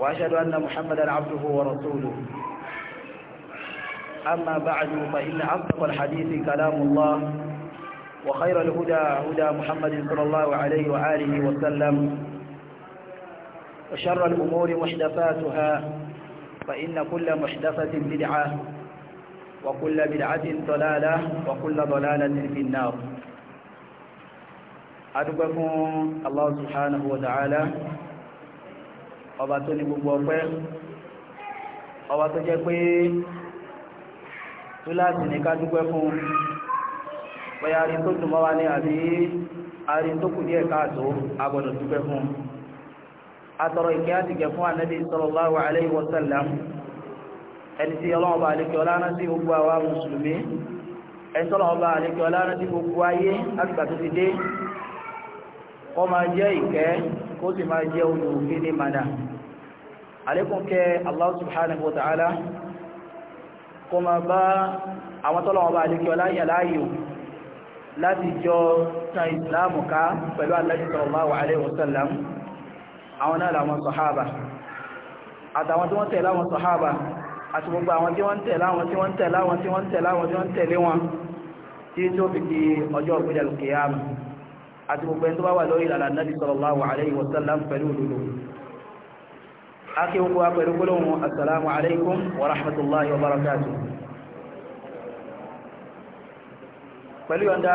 وأشهد أن محمدا عبده ورسوله أما بعد فإن أصدق الحديث كلام الله وخير الهدى هدى محمد صلى الله عليه وآله وسلم وشر الأمور محدثاتها فإن كل محدثة بدعة وكل بدعة ضلالة وكل ضلالة في النار أدبكم الله سبحانه وتعالى ọba tó ní gbogbo ọpẹ́ ọba tó jẹ́ pé tó láti ní ká dúpẹ́ fún bóyá arí tó dùn mọ́ wa ní àbí arí tó kù díẹ̀ káàtó agbọ́dọ̀ dúpẹ́ fún atọrọ ìkẹ́ àtìkẹ́ fún ànábì sallallahu alaihi wa sallam ẹni tí ọlọ́wọ́ bá àlékẹ́ ọlá rántí gbogbo àwa mùsùlùmí ẹni tọ́lọ́wọ́ bá àlékẹ́ ọlá rántí gbogbo ayé àgbà tó ti dé kó máa jẹ́ ìkẹ́ kó sì máa jẹ́ olùgbéni mada àlékún kẹ Allah subhanahu wa ta'ala kó máa bá àwọn tọ́lọ́wọ́ bá alékẹ́ ọláyà láàyò láti jọ tan ìsìláàmù ká pẹ̀lú Ànábì sallallahu alaihi wasallam àwọn náà làwọn sàhábà àtàwọn tí wọ́n tí wọ́n fi di ọjọ́ ìpínlẹ̀ kìíyàmù àti gbogbo ẹni tó bá wà lórí ìlànà nàbì sallallahu alayhi wa sallam pẹ̀lú òdodo akéwòkó wa pẹ̀lú gbólóhùn assalamu alaykum wa rahmatullahi wa barakatuh pẹ̀lú yọ̀ǹda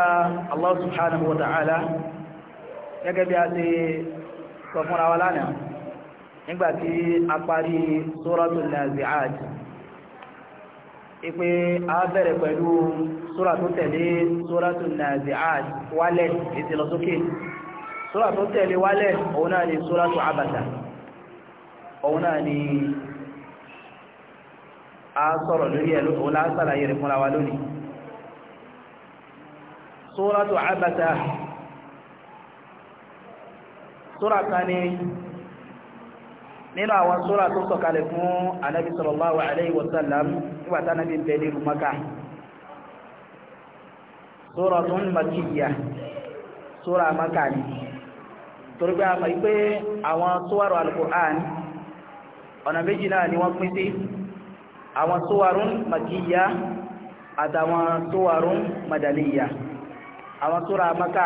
Allah subhanahu wa ta'ala gẹ́gẹ́ bí a ti sọ fúnra wa lánàá nígbàtí a parí suratul nazi'at ipe a bẹ̀rẹ̀ pẹ̀lú sóra tó tẹ̀lé sóra tó Nazi'at wálẹ̀ ìtìlọsókè sóra tó tẹ̀lé wálẹ̀ òun náà ni sóra tó Abasa òun náà ni a sọ̀rọ̀ lórí ẹ̀ òun láà sàlàyé rẹ̀ fúnra wa lónìí sóra tó Abasa sóra kan ni nígbà tí Ànábì ń bẹ nílùú Mákà suratun makiya sura Mákà ni torí pé a mọ̀ pé àwọn suwaru alukur'an ọ̀nà méjì náà ni wọ́n pín sí àwọn suwarun makiya àtàwọn suwarun madaniya àwọn sura Mákà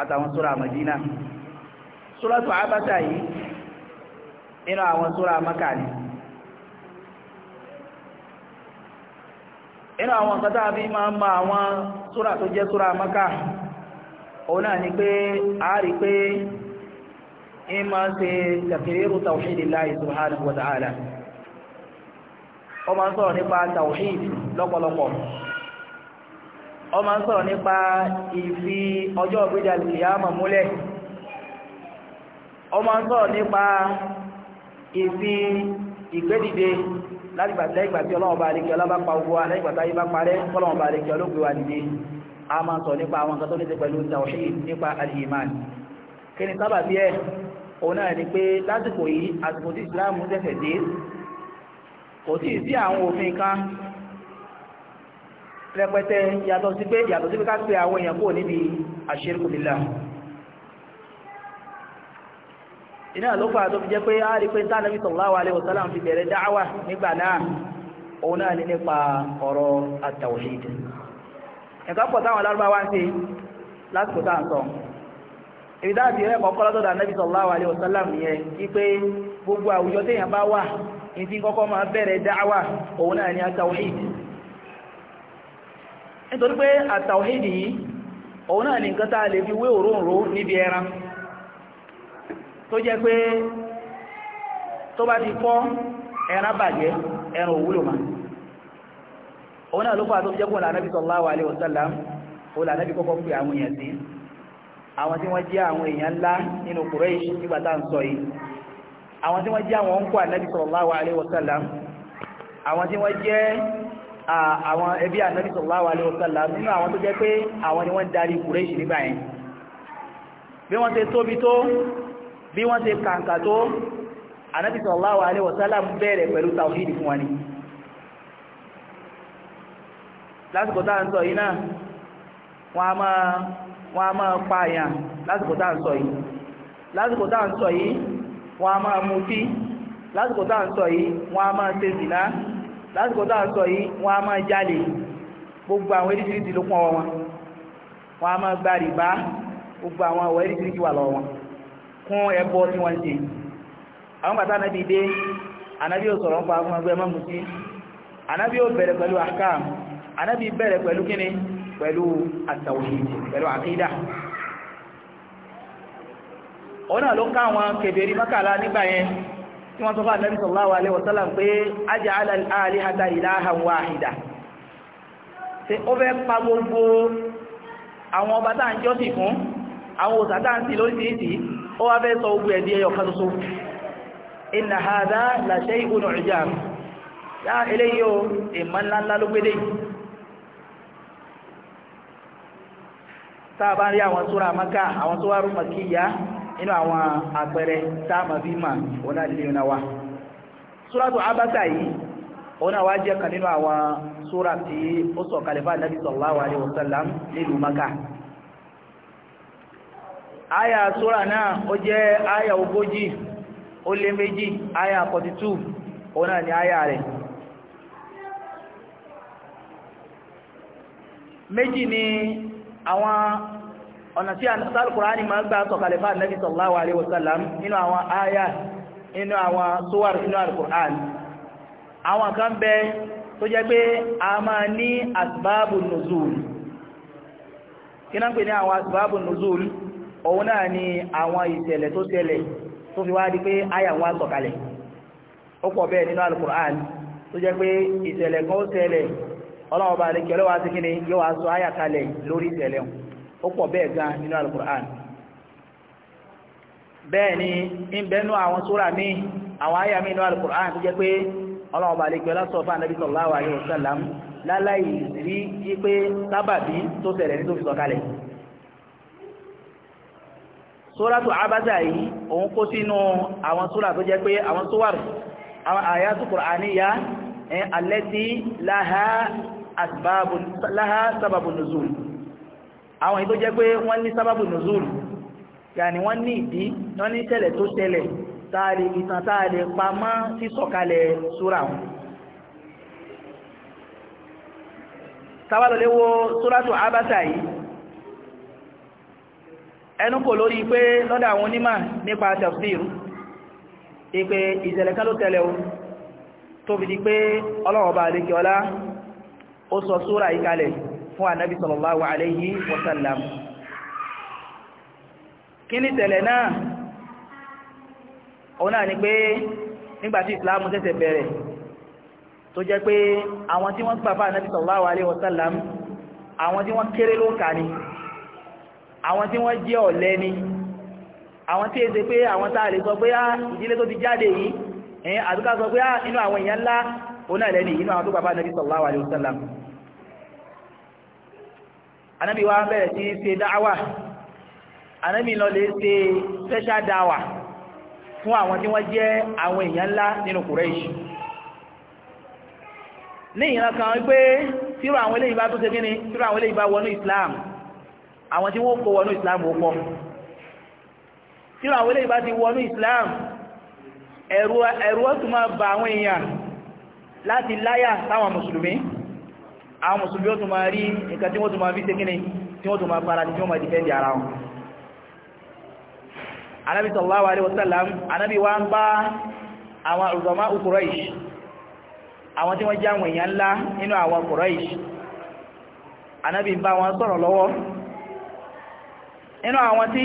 àtàwọn sura Madina suratu abata yìí nínú àwọn sura Mákà ni. inú àwọn nǹkan tá a máa ma àwọn súrà tó jẹ́ súrà maka o náà ni pé a rí pé in ń subhanahu wa ta'ala ó ma ń sọ̀rọ̀ nípa tawhid lọ́pọ̀lọpọ̀ ma máa ń sọ̀rọ̀ nípa ìfi ọjọ́ ìgbéjà kìyàmà múlẹ̀ o ma ń sọ̀rọ̀ nípa ìfi ìgbédìde lágbà lẹ́gbà tí ọlọ́run bá àríkẹ́ ọlá bá pa ogun wa lẹ́gbà táyé bá parẹ́ kọ́lọ́run bá àríkẹ́ olóògbé wa dìde a máa sọ nípa àwọn nǹkan tó ní ti pẹ̀lú tawhid ni sábà bí ẹ ni pé lásìkò yìí àsìkò tí islam tẹ̀sẹ̀ dé kò tí ì sí àwọn òfin kan rẹpẹtẹ yàtọ̀ sí pé yàtọ̀ sí pé ká pe àwọn èèyàn kúrò níbi àṣírkù iná ló fà tó fi jẹ́ pé àárí pé tánàbí sallallahu alaihi fi bẹ̀rẹ̀ dáwà nígbà náà òun náà ní nípa ọ̀rọ̀ at-tawhid pọ̀ táwọn alárúbáwá ń ṣe lásìkò tá ń sọ ibi táà ti kọ́kọ́ ànábì gbogbo àwùjọ téèyàn bá wà ní ti kọ́kọ́ máa bẹ̀rẹ̀ dáwà òun náà ní nítorí pé yìí òun náà ní nǹkan tá a tó jẹ́ pé tó bá ti fọ́ ẹran bàjẹ́ ẹran òwúlò ma òun náà ló fà tó jẹ́ kó lànàbí sallallahu alaihi wasallam ó lànàbí kọ́kọ́ pé àwọn èèyàn sí àwọn tí wọ́n jẹ́ àwọn èèyàn ńlá nínú Quraysh nígbà tá à ń sọ yìí àwọn tí wọ́n jẹ́ àwọn ń kó ànábì sallallahu alaihi wasallam àwọn tí alaihi wasallam nínú àwọn tó jẹ́ pé àwọn ni wọ́n darí Quraysh nígbà yẹn bí wọ́n ṣe tóbi tó bí wọ́n ṣe kàǹkà tó anábì sallallahu alaihi wasallam bẹ̀rẹ̀ pẹ̀lú tàwíìdì fún wa ni lásìkò tá à ń sọ yìí náà wọ́n a máa wọ́n a máa pa àyàn lásìkò tá à ń sọ yìí lásìkò tá à ń sọ yìí wọ́n a máa mutí lásìkò tá ń sọ yìí wọ́n a máa ṣe zìnà lásìkò tá ń sọ yìí wọ́n a máa jalè gbogbo àwọn eréṣiríṣi ló kún wọn wọ́n a máa gba rìbá gbogbo àwọn ọwọ́ eréṣiríṣi wà lọ́wọ́ wọn. kún ebe tí wọ́n ṣe àwọn bàtà anábì dé anábì ò sọ̀rọ̀ ń pa fún ẹgbẹ́ mọ́mù sí anábì ò bẹ̀rẹ̀ pẹ̀lú ahkam anábì bẹ̀rẹ̀ pẹ̀lú kíni pẹ̀lú at pẹ̀lú àkídà àwọn kèbèrè mọ́kànlá nígbà yẹn tí fún wahida àwọn o abe so ugu edie yo ka so in hada la shay'un ujam ya ilayyo in man lan la lugu dei ta ba ri awon sura maka awon to wa ru makiya inu awon apere ta ma bi ma ona ile na wa sura tu abasa yi ona wa je kan inu awon sura ti o so kalifa nabi sallallahu alaihi wasallam ni maka Aya sóra náà ó jẹ́ aya ogójì ó lé méjì aya 42 òun náà ni aya rẹ̀ méjì ni àwọn ọ̀nà tí alkùránì ma gbà sọ̀kalẹ̀ fún Ànábì sallallahu alaihi wasallam nínú àwọn aya nínú àwọn sówàrí nínú alkùránì àwọn kan bẹ tó jẹ́ pé a máa ní òun náà ni àwọn ìṣẹ̀lẹ̀ tó ṣẹlẹ̀ tó fi wá di pé àyà wọn á sọ̀kalẹ̀ ó pọ̀ bẹ́ẹ̀ nínú alukur'an tó jẹ́ pé ìṣẹ̀lẹ̀ kan ó ṣẹlẹ̀ ọlọ́run ọba àlekẹ́ ọlọ́wà sí kíni yóò wá sọ àyà kalẹ̀ lórí ìṣẹ̀lẹ̀ ó pọ̀ bẹ́ẹ̀ gan nínú alukur'an bẹ́ẹ̀ ni ń bẹ́nu àwọn mi àwọn àyà mi nínú alukur'an tó jẹ́ pé fún anabi sóràtù abasa yìí òun kó sínú àwọn sóra tó jẹ́ pé àwọn sówàrù àwọn àyátù kùránìyà allati laha asbabun laha sábàbù nùzùl àwọn èyí tó jẹ́ pé wọ́n ní sábàbù nùzùl yàní wọ́n ní ìdí wọ́n ní ṣẹlẹ̀ tó ṣẹlẹ̀ táàrí ìtàn táàrí pamọ́ sí sọ̀kalẹ̀ sóra wọn sábàlọ́lẹ́wọ́ sóràtù abasa yìí ẹnu kò lórí pé lọ́dọ̀ àwọn onímọ̀ nípa tafsir ìpé ìṣẹ̀lẹ̀ kan ló tẹ̀lé o tó fi di pé ọlọ́ọ̀bà àdékẹ́ ọlá ó sọ súra ìkalẹ̀ fún ànábì sallallahu ni To àwọn tí wọ́n wa kéré àwọn tí wọ́n jẹ́ ọ̀lẹ ni àwọn tí èsè pé àwọn táà lè sọ pé á ah, ìdílé tó ti jáde yìí ẹ̀yìn àdúgbà sọ pé á ah, inú àwọn èèyàn ńlá oná ìlẹ́ni inú àwọn tó bàbá nàbí sallallahu alaihi wasallam anábì wa bẹ̀rẹ̀ sí ṣe dáwà anábì lọ lè ṣe special dáwà fún àwọn tí wọ́n jẹ́ àwọn èèyàn ńlá nínú Quraysh ní ìran kan pé tíró àwọn eléyìí bá tó ṣe kíni tíró àwọn eléyìí bá wọnú Islam àwọn tí wọ́n kó wọnú islam ó pọ̀ tíra àwọn eléyìí bá ti wọnú islam ẹ̀rù ẹ̀rù ó tún máa ba àwọn èèyàn láti láyà sáwọn mùsùlùmí àwọn mùsùlùmí ó tún máa rí nǹkan tí wọ́n tún máa fi ṣe kíni tí wọ́n tún máa fara tí wọ́n máa dìfẹ́ndì ara wọn anábi sallallahu alaihi wasallam anábi wa ń bá àwọn ọ̀zọ̀má Quraysh àwọn tí wọ́n jẹ́ àwọn èèyàn ńlá nínú àwọn Quraysh anábi ń bá wọn sọ̀rọ̀ lọ́wọ́ inú àwọn tí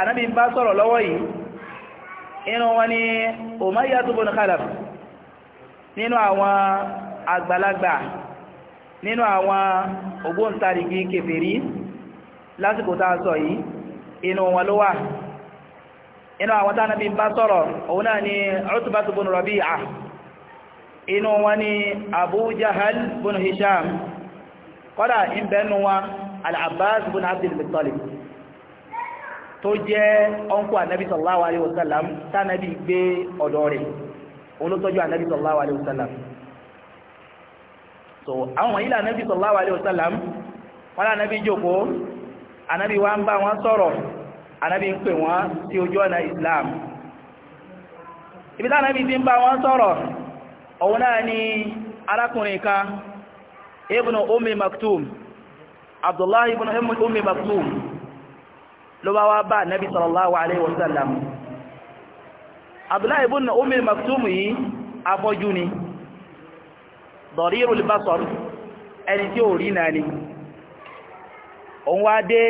anábi bá sọ̀rọ̀ lọ́wọ́ yìí inú wọn ni Umayya ibn Khalaf nínú àwọn àgbàlagbà nínú àwọn ògbóǹtarìgì kèfèrí lásìkò tá a sọ yìí inú wọn ló wà inú àwọn tánàbí bá sọ̀rọ̀ òun náà ni Utbah ibn Rabi'a inú wọn ni Abu Jahal ibn Hisham kọ́dà ìbẹ̀nu wọn al Abdul Muttalib tó jẹ́ ọ̀nkú anabi sallallahu alayhi tánàbí gbé ọ̀dọ̀ rẹ̀ òun ló so àwọn wọ̀nyí là anabi sallallahu wọn anabi jókòó wa ń anabi ń pè wọn islam ibi tánàbí ti ń bá wọn sọ̀rọ̀ òun náà ni arákùnrin kan maktum abdullahi ibnu ummi maktum ló bá wá bá nabi sallallahu alaihi wasallam abdullahi ibn ummi maktum yìí afọ́jú ni darirul basar ẹni tí ò rí náà ni òun wá dé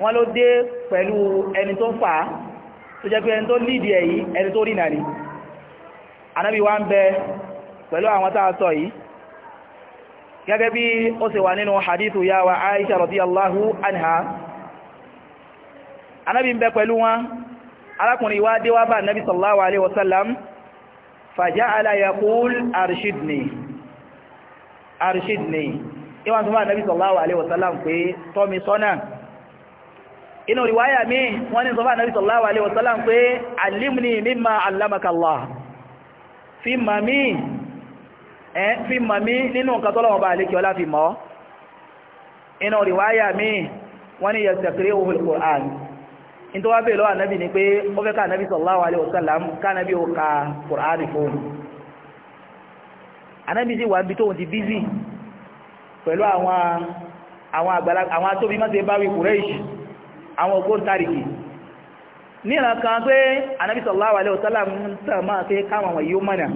wọ́n ló dé pẹ̀lú ẹni tó fà á tó jẹ́ pé ẹni tó lìdí èyí ẹni tó rí gẹ́gẹ́ bí ó sì wà nínú hadithu yáwa aisha radiyallahu anha anábi ń bẹ pẹ̀lú wọn arákùnrin wá dé wá bá anábi sallallahu alaihi wasallam faja'ala yaqul arshidni arshidni ìwọ̀n tó bá anábi sallallahu alaihi wasallam pé tọ́ mi sọ́nà inú riwaya mi wọ́n ní sọ bá anábi sallallahu alaihi wasallam pé alimni mimma allamaka Allah fi mami ẹ fi mami nínú nǹkan tọ́lọ́wọ́ bá alékẹ́ ọlá fi mọ́ inú riwaya mi wọ́n ní tó wá bèèrè lọ́wọ́ ànábì ni pé ó fẹ́ ká ànábì sallallahu alaihi wasallam ká ànábì ó ka Kùránì fóun ànábì sì wà níbi tóun ti bízì pẹ̀lú àwọn àwọn àgbàlá àwọn atóbi má ti bá wí Kùrẹ́ṣì àwọn ògbóǹtarìkì ní ìran kan pé ànábì sallallahu alaihi wasallam ń tàn máa pé káwọn wọ̀nyí mọ̀nà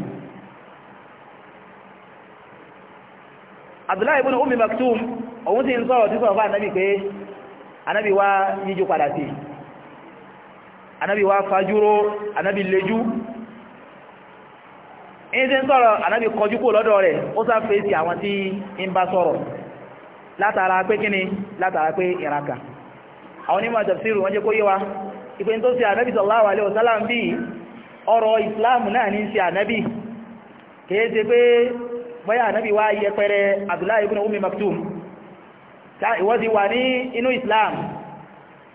abdullahi ibn ummi padà sí anábi wá fajúró anábi lejú ẹni tí ń sọ̀rọ̀ anábi kọjú kó lọ́dọ̀ rẹ̀ ó sá fèsì àwọn tí ń bá sọ̀rọ̀ látara pé kíni látara pé ìraka àwọn onímọ̀ tafsiru wọ́n jẹ́ kó yé wa ìpé tó ṣe ànábì sallallahu alaihi umu Maktum ka wa ni inu islam.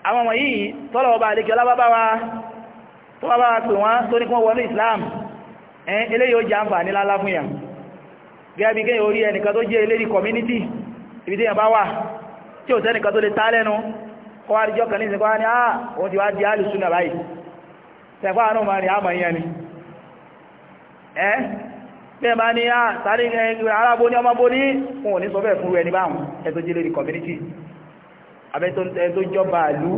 àwọn wọ̀nyí tọ́lọ̀ ọba àdíkẹ́ lábábáwá tó bá bá pè wọ́n tó ní wọ́n wọlé Islam ẹn eléyìí ó jẹ́ àǹfààní lálá fún yàn gẹ́gẹ́ bí kéyàn orí ẹnìkan tó jẹ́ eléri community ibi tí yàn bá wà tí ò sẹ́nìkan tó lè tá lẹ́nu kọ́ wá díjọ́ kan ní ìsìnkọ́ ní àà ah, òun ti wá di alùsùn náà báyìí tẹ̀fọ́ àánú ma ní ni ẹ́ ah, bẹ́ẹ̀ bá community abẹ́ni tó jọba àlú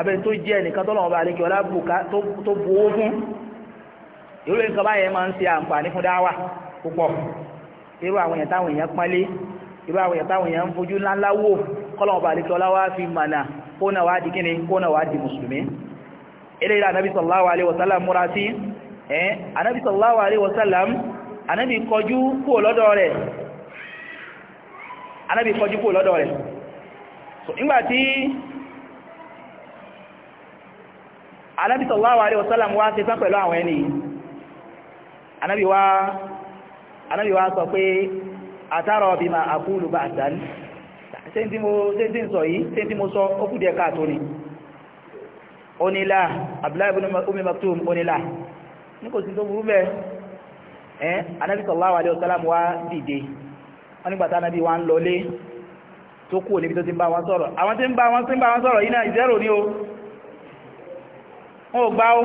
abẹ́ni tó jẹ́ ẹnìkan tó lọ́wọ́ bá lè kí ọlá bùká tó buwó fún irú nǹkan báyẹn máa ń ṣe àǹfààní fún dáwà púpọ̀ irú àwọn èèyàn táwọn èèyàn pálé irú àwọn èèyàn táwọn èèyàn ń fojú ńláńlá wò kọ́lọ̀wọ́ bá lè kí ọlá wá fi mànà kó náà wá di kíni kó náà wá di mùsùlùmí eléyìí anábì sallallahu alaihi wasallam múra sí ẹ́ anábì sallallahu alaihi wasallam anábì kọjú kúrò lọ́dọ̀ rẹ̀ anábì kọjú kúrò lọ́dọ̀ rẹ̀ nígbàtí anábì sallallahu alaihi wasallam wá ti tán pẹ̀lú àwọn ẹni anábì wá sọ pé àtàrọ̀ bí ma àkúlù bá àtàrí tí ń sọ yìí tí ń tí mo sọ ó kù díẹ̀ káàtó ni onílá Abdullahi ibn Ummi Maktum onílá ní kò sí alaihi wasallam wá dìde wọ́n nígbàtá anábì tó kúrò níbi tó ti ń bá wọn sọ̀rọ̀ àwọn tí ń bá wọn tí ń bá wọn sọ̀rọ̀ iná ìzẹ́rò ní o wọn ò gbá o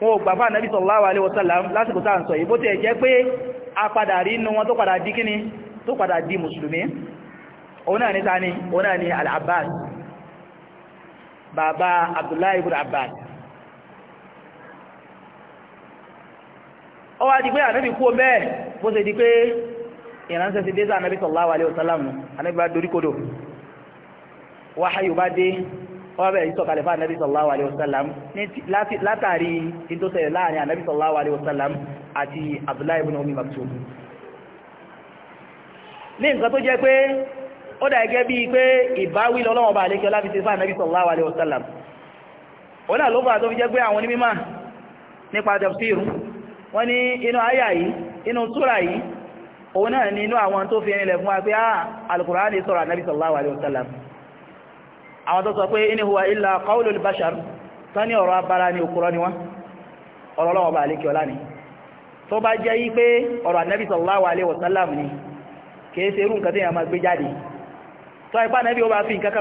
wọn ò gbà fáà nàbí sallallahu alaihi wasallam lásìkò tá ń sọ yìí bó pé a padà rí inú wọn tó padà di kíni tó padà di mùsùlùmí òun náà ní al-Abbas bàbá Abdullahi ibn Abbas ó wá di pé ànábì kú o bẹ́ẹ̀ bó ṣe di ìránṣẹ́ ti dé sí anabi sallallahu alayhi wa sallam anabi bá dorí kodò wáhayù bá dé wọ́n bẹ̀rẹ̀ ìsọ̀kalẹ̀ fún anabi sallallahu alayhi wa sallam látàrí ìtòsẹ̀lẹ̀ láàrin anabi sallallahu alayhi wa sallam àti abdullahi ibn omi maktum ní nǹkan tó jẹ́ pé ó dà gẹ́gẹ́ bíi pé ìbáwí lọ́lọ́wọ́ bá àlékẹ́ láti ṣe fún anabi sallallahu alayhi wa sallam ó dà ló fà tó fi jẹ́ pé àwọn onímọ̀ nípa tafsir wọ́n ní inú àyà yìí inú súra yìí òun náà ni inú àwọn tó fi ẹnilẹ̀ fún wa pé ah, al-Qur'ani sọ̀rọ̀ ànábì sallallahu alaihi wasallam àwọn tó sọ pé in huwa illa qawlul bashar tán ní ọ̀rọ̀ abára ni òkúrọ́ ni wọ́n ọ̀rọ̀ lọ́wọ́ bá alékí ọlá ni tó bá jẹ́ yí pé ọ̀rọ̀ ànábì sallallahu alaihi wasallam ni kìí ṣe irú nǹkan tí yàn máa gbé jáde tó ipá ànábì ó bá fi nǹkan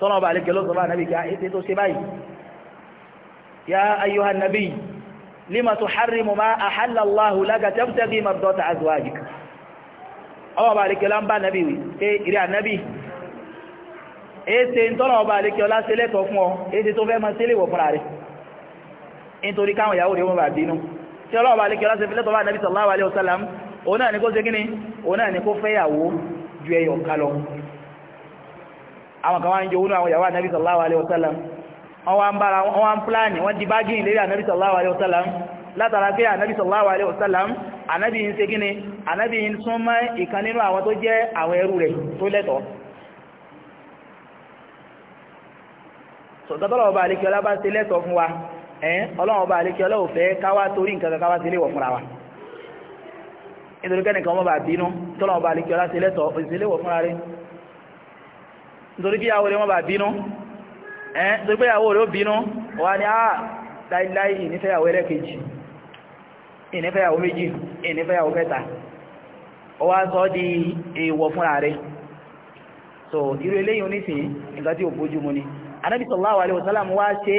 tọ́nà ọba àlekè lọ́sọ̀rọ̀ ànábì kí á ètè tó ṣe báyìí ya ayyuha nabi lima tuharrimu ma ahalla Allahu laka tabtaghi mardata azwajik ọwọ́ ọba àlekè lọ́nà bá nabi wí pé ìrẹ́ ànábì ètè tọ́nà ọba àlekè ọlá ṣe lẹ́tọ̀ọ́ fún ọ ètè tó fẹ́ máa ṣe léwọ̀ fúnra rẹ̀ nítorí káwọn ìyàwó rẹ̀ wọ́n bá bínú tí ọlọ́ọ̀bá alékẹ́ lọ́sẹ̀ fílẹ̀ tọ́bá nàbí sallallahu alaihi wasallam òun ni kó ṣe kíní òun náà ni kó fẹ́yàwó ju ẹyọ kalọ àwọn kan wá ń jowú àwọn ìyàwó ànábì sallallahu alaihi wasallam wọ́n wá ń bára wọ́n wá ń pláàni wọ́n di bágìn lérí ànábì sallallahu alaihi wasallam látara pé ànábì sallallahu alaihi wasallam ànábì ń ṣe kíni ànábì ń súnmọ́ ìkan nínú àwọn tó jẹ́ àwọn ẹrú rẹ̀ tó lẹ́tọ̀ọ́ sọ̀tọ́tọ́lọ̀ ọba àlékiọlá bá ṣe lẹ́tọ̀ọ́ fún wa ẹ̀ẹ́n ọlọ́run ọba àlékiọlá ò fẹ́ káwá torí nǹkan kan káwá ṣe léwọ̀ fúnra wa nítorí kẹ́nìkan ọmọ bàbínú tọ́lọ̀ ọba àlékiọlá ṣe lẹ́tọ̀ọ́ òṣìṣẹ́ léwọ̀ fúnra rẹ̀ nítorí kí ìyàwó rẹ̀ wọ́n bá bínú ẹ́ torí pé ìyàwó rẹ̀ ó bínú wà ní àà láìláì ìnífẹ́yàwó ẹlẹ́kejì ìnífẹ́yàwó méjì ìnífẹ́yàwó mẹ́ta ó wá sọ di èèwọ̀ fúnra rẹ̀ so irú eléyìn onísìn nǹkan tí ò bójú mu ni anábì sallallahu alaihi wasallam wá ṣe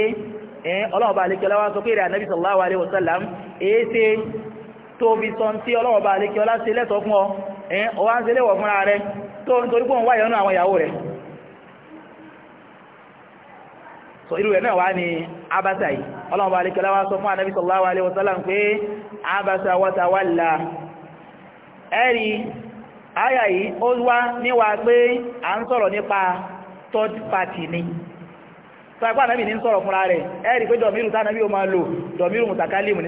ẹ́ ọlọ́ọ̀bá alẹ́kẹ́lá wá sọ pé rẹ̀ anábì sallallahu alaihi wasallam èéṣe tó fi sọ tí ń ṣe léwọ̀ àwọn ìyàwó rẹ̀ so iru ẹ̀ náà wá ní abasa yìí ọlọ́run bá wá sọ fún anábì sallallahu pé abasa wa tawalla ẹ̀rí àyà yìí ó wá níwá pé a ń sọ̀rọ̀ nípa third party ni tọ́ẹ̀kọ́ ànábì ní sọ̀rọ̀ fúnra rẹ̀ ẹ̀rí pé dọ̀míru tánàbí o máa lò dọ̀míru mùtàkálìmù ní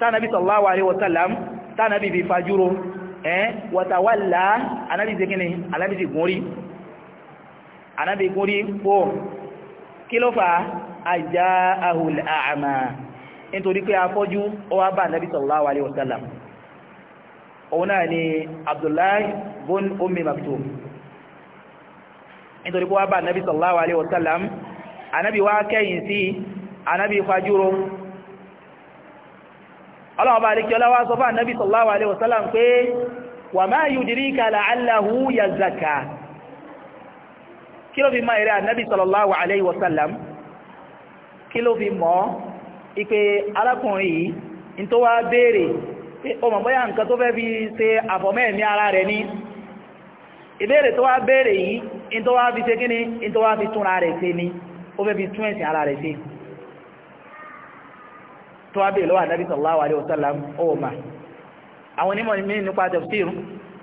tánàbí sallallahu alaihi wasallam tánàbí bí fajúro ẹ́ wàtàwàlá anábí ṣe kíni anábí sì gúnrí anábí gúnrí pò kí ló fà àjá ahùl àmà nítorí pé afọ́jú ó wá bá anábí sallallahu alaihi wasallam òun náà ni abdullahi bun ummi maktum nítorí pé wá bá anábí sallallahu alaihi wasallam anábí wá kẹ́yìn sí anábí fajúro ọlọ́ọ̀bá àríkẹ́ ọlọ́wà sọ fún ànábì sallallahu alaihi wasallam pé wa ma yudrika la'allahu yazakka kí ló fi mọ́ eré ànábì sallallahu alaihi wasallam kí ló fi mọ́ ipe arákùnrin yìí in tó wá béèrè o mọ̀ bóyá nǹkan tó fẹ́ fi ṣe àfọ̀mẹ́ ní ara rẹ̀ ní ìbéèrè tó wá béèrè yìí in tó wá fi ṣe kíni in tó wá fi túnra rẹ̀ ṣe ni ó fẹ́ fi tún ara rẹ̀ ṣe tó wá bèèrè lọ́wọ́ ànábì sallallahu alaihi wasallam ó mà àwọn onímọ̀ mi nípa tafsir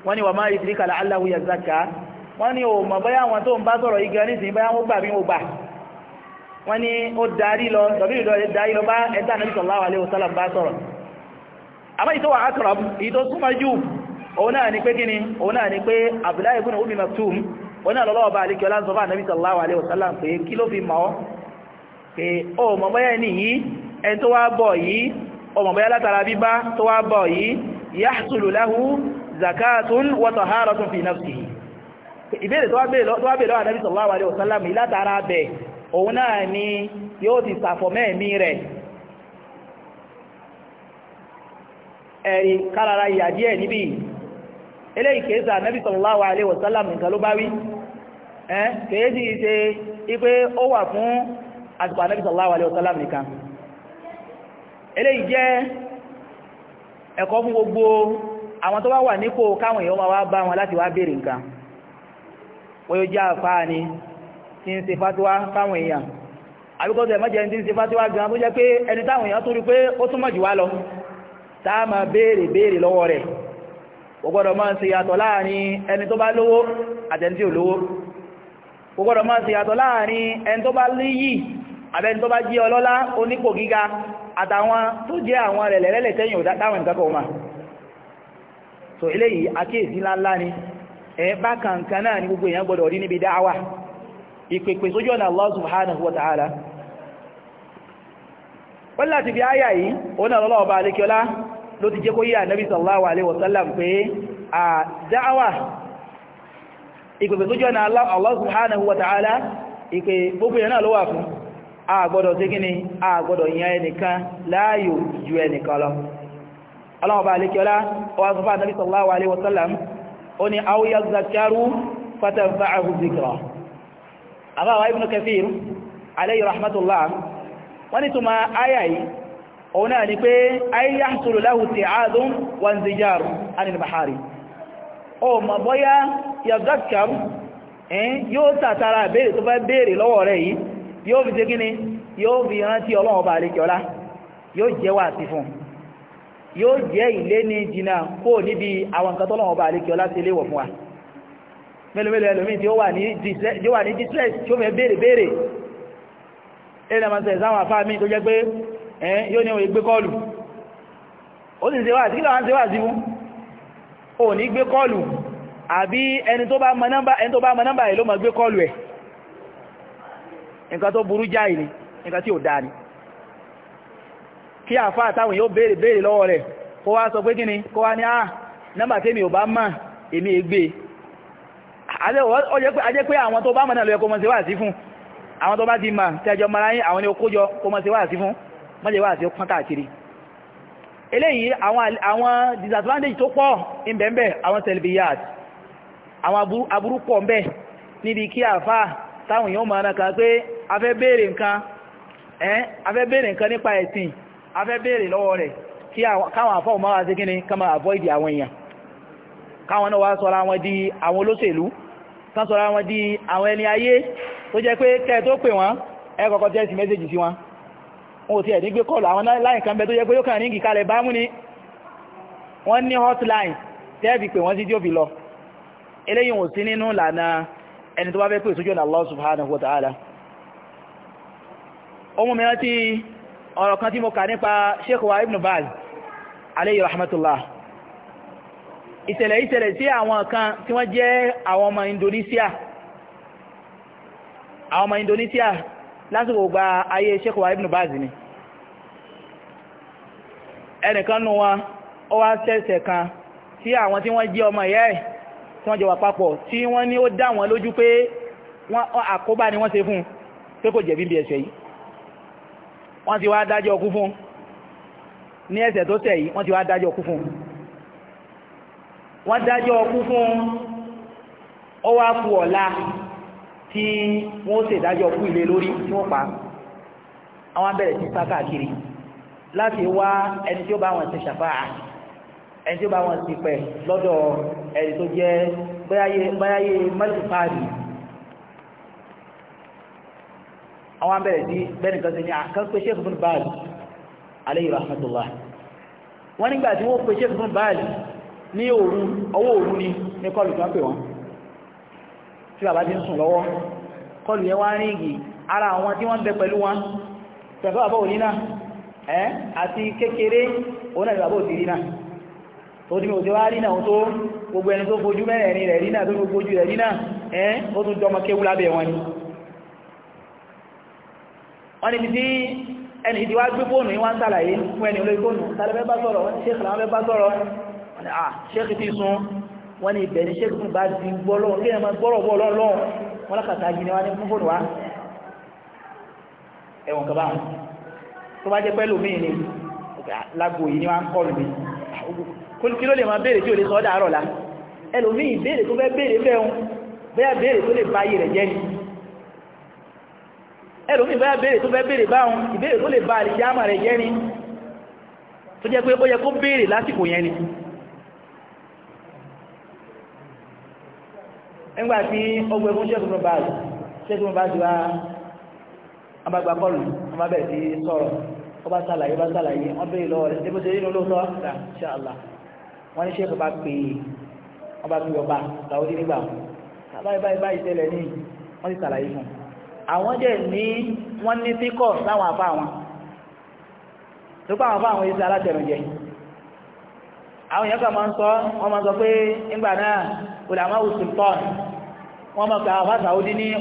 wọ́n ní wà má yudrika la'allahu yazakka wọ́n ní o mọ̀ bóyá àwọn tó ń bá sọ̀rọ̀ igi ẹni sìn bóyá wọ́n gbà bí wọ́n gbà wọ́n ní ó darí lọ dọ̀bí ìlú ẹ̀ darí lọ bá ẹ̀dá ànábì sallallahu alaihi wasallam bá sọ̀rọ̀ àmọ́ ìtọ́ wà ákọ̀rọ̀ ni pé kíni òun náà ni pé Abdullahi ibn Ummi Maktum òun náà lọ́lọ́wọ́ bá alikẹ́ ọlá ń sọ fún ànábì sallallahu alaihi wasallam pé kí ló fi mọ̀ ẹni tó wá bọ̀ yìí ọmọ bóyá látara bíbá tó wá bọ̀ yìí yahsulu lahu zakatun wa taharatun fi nafsihi ìbéèrè tó wá bèèrè lọ́wọ́ Ànábì sallallahu alaihi wasallam látara bẹ̀ òun náà ni yóò ti sàfọ̀mẹ́ẹ̀mí rẹ̀ ẹ̀rí kárara ìyà díẹ̀ níbi eléyìí kèéza Ànábì sallallahu alaihi wasallam nǹkan ló bá wí ẹ́ kèézi ṣe ipé ó wà fún àsìkò Ànábì sallallahu alaihi wasallam nìkan eléyìí jẹ́ ẹ̀kọ́ fún gbogbo àwọn tó bá wà nípò káwọn èèyàn máa wá bá wọn láti wá béèrè nǹkan wọ́n yóò jẹ́ àfáà ni tí ń ṣe fátíwá fáwọn èèyàn àbíkọ́sọ̀ ẹ̀mọ́jẹ́ ẹni tí ń ṣe fátíwá gan tó jẹ́ pé ẹni táwọn èèyàn tó pé ó túnmọ̀ jù wá lọ táà máa béèrè lọ́wọ́ rẹ̀ gbogbo máa ń ṣe yàtọ̀ láàrin ẹni tó bá lówó àtẹni tí ò máa ń ṣe yàtọ̀ láàrin ẹni tó bá níyì abẹ́ni tó bá olola ọlọ́lá onípò gíga àtàwọn tó jẹ́ àwọn rẹ̀lẹ̀rẹ̀lẹ̀ tẹ́yìn òdáwọn nǹkan kan ma so eléyìí àkíyèsí ńláńlá ni ẹ bá kankan náà ni gbogbo èèyàn gbọdọ̀ rí níbi dáwà ìpèpè sójú ọ̀nà Allah fi ọba wasallam a gbọ́dọ̀ sí kíni a gbọ́dọ̀ yan ẹnìkan láàyò ju ẹnìkan lọ ọlọ́ọ̀bá alékiọlá ọwá sọfá àtàrí sallallahu alaihi wasallam ó ní àwúyá zakaru fatanfa ahùzikra àbáwá ibn kathir alayhi rahmatullah wọ́n ni túnmà áyà yìí yóò tàtàrà béèrè tó fẹ́ béèrè lọ́wọ́ rẹ̀ yìí yóò fi ṣe kí ni yóò fi rántí ọlọ́run ọba àlejò ọlá yóò jẹ́ wà sí fún yóò jẹ́ ilé ní jìnnà kó níbi àwọn nǹkan tọ́lọ́run ọba àlejò ọlá ti léwọ̀ fún wa mélòmélò ẹlòmíì tí ó wà ní distress tí ó fẹ́ béèrè béèrè ẹ̀rẹ́ ma sẹ̀sẹ̀ àwọn àfáà mi tó jẹ́ pé ẹ̀yìn yóò ní òye gbé kọlù ó sì sẹ́wà sí láwọn sẹ́wà sí fún ò ní gbé kọlù àbí ẹni tó bá mọ nọ́mbà ẹ̀ ló ma gbé kọlù ẹ̀ nǹkan tó burú jáì ni nǹkan tí ò dáa ni kí àfáà táwọn yóò béèrè béèrè lọ́wọ́ rẹ̀ kó wá sọ pé kí ni kó wá ní àà ah, nọ́mbà tèmi ò bá mọ̀ èmi ègbé ajẹ́ pé àwọn tó bá mọ̀ náà lọ ẹkọ́ mọ́ sí wà sí fún àwọn tó bá ti mọ̀ tí ẹjọ́ mara yín àwọn ni ó kójọ kó mọ́ sí wà sí fún mọ́jẹ̀ wà sí pọ́n káàkiri eléyìí àwọn disadvantage tó pọ̀ ìbẹ̀m̀bẹ̀ àwọn self-yard àwọn aburú pọ̀ ń bẹ níbi kí àfáà táwọn èèyàn máa náà pé a fẹ́ béèrè nǹkan ẹ́n a fẹ́ béèrè nǹkan nípa ẹ̀sìn a fẹ́ béèrè lọ́wọ́ rẹ̀ kí káwọn àfọ́ máa ṣe kíni kama máa avoid àwọn èèyàn káwọn náà wá sọ́ra wọn di àwọn olóṣèlú kan sọ́ra wọn di àwọn ẹni ayé tó jẹ́ pé kẹ́ tó pè wọ́n ẹ kọ́kọ́ tẹ́sì mẹ́sẹ̀jì sí wọn wọn ò tiẹ̀ ní gbé kọ́ọ̀lù ni hotline ẹni tó bá fẹ́ pè sójú ọ̀nà Allah subhanahu wa ta'ala ọmọ mẹ́rin tí ọ̀rọ̀ kan tí mo kà nípa Sheikh wa Ibn Baz alayhi rahmatullah ìṣẹ̀lẹ̀ ìṣẹ̀lẹ̀ sí àwọn kan tí wọ́n jẹ́ àwọn ọmọ Indonesia àwọn ọmọ Indonesia lásìkò gba ayé Sheikh wa Ibn Baz ni ẹnìkan nù wọn ó wá sẹ́sẹ̀ kan sí àwọn tí wọ́n jẹ́ ọmọ ìyá ẹ̀ tí wọ́n jọ wà papọ̀ tí wọ́n ní ó dá wọn lójú pé àkóbá ni wọ́n ṣe fún pé kò jẹ̀bi bí ẹ̀ṣẹ̀ yìí wọ́n ti wá dájọ́ ọkú fún ní ẹ̀ṣẹ̀ tó tẹ̀ yìí wọ́n ti wá dájọ́ ọkú fún wọ́n dájọ́ ọkú fún ó wá kú ọ̀la tí wọ́n ṣe dájọ́ ọkú ilé lórí tí wọ́n pa àwọn abẹ́rẹ̀ sí sákàkiri láti wá ẹni tí ó bá wọn ṣe ṣàfáà ẹni tí ó bá wọn ti pẹ̀ lọ́dọ̀ ẹni tó jẹ́ báyáyé mẹ́lìkùpáàdì àwọn abẹ́rẹ̀ sí bẹ́ẹ̀ni ah, kan sí ní àkànpé sheikh bin Baz alayhi rahmatullah wọ́n nígbà tí wọ́n pe sheikh bin Baz ní òru ọwọ́ òru ni ní kọlù tó ń pè wọ́n tí bàbá ti ń sùn lọ́wọ́ kọlù yẹn wá rí ìgì ara àwọn tí wọ́n bẹ pẹ̀lú wọn pẹ̀lú àbọ̀ òní náà ẹ́ àti kékeré òun náà ìbàbọ̀ òdìrí náà ó ní òjò wá rí náà tó gbogbo ẹni tó fojú mẹ́rẹ̀ẹ̀rin rẹ̀ rí náà tó gbogbo ojú rẹ̀ rí náà ẹ́ ó tún jọmọ kéwú lábẹ́ wọn ni wọ́n ni tí ẹni ìdíwá gbé fóònù yí wá sàlàyé fún ẹni olóyìn tàbí bá sọ̀rọ̀ wọ́n ah ṣéèkì ti sun wọ́n ni ibẹ̀ ni ṣéèkì fún bá ti gbọ́ lọ́wọ́ kí ẹ máa gbọ́rọ̀ bọ́ lọ́wọ́ wọ́n ni wọ́n ni ni lágbo yìí ni kí ló lè máa béèrè tí ò lè sọ dàárọ̀ la ẹlòmíì béèrè tó fẹ́ béèrè bẹ́ẹ̀ bẹ́ẹ̀ béèrè tó lè ba ayé rẹ̀ jẹ́ ni ẹlòmíì bẹ́ẹ̀ béèrè tó fẹ́ béèrè báwọn ìbéèrè tó lè ba àlìjáàmà rẹ̀ jẹ́ ni tó jẹ́ pé ó yẹ kó béèrè lásìkò yẹn ni nígbà tí ọgbẹ́ fún ṣẹ́gun bá ṣẹ́gun bá ti wá abàgbà kọlù abàbẹ̀ sí sọ̀rọ̀ ọba sàlàyé bá sàlàyé wọ́n bèèrè lọ́wọ́ rẹ̀ ṣébùsẹ̀ nínú olóòótọ́ rà ṣe àlà wọ́n ní ṣéèkì bá pè é wọ́n bá pè ọba làwọn dé nígbà báyìí báyìí báyìí tẹ́lẹ̀ ní wọ́n ti sàlàyé fún un àwọn dẹ̀ ní wọ́n ní síkọ̀ láwọn afá wọn tó pa àwọn afá àwọn iṣẹ́ alátẹnujẹ àwọn èèyàn kan máa ń sọ wọ́n máa sọ pé ńgbà náà ulama usultan wọ́n máa pè àwọn afá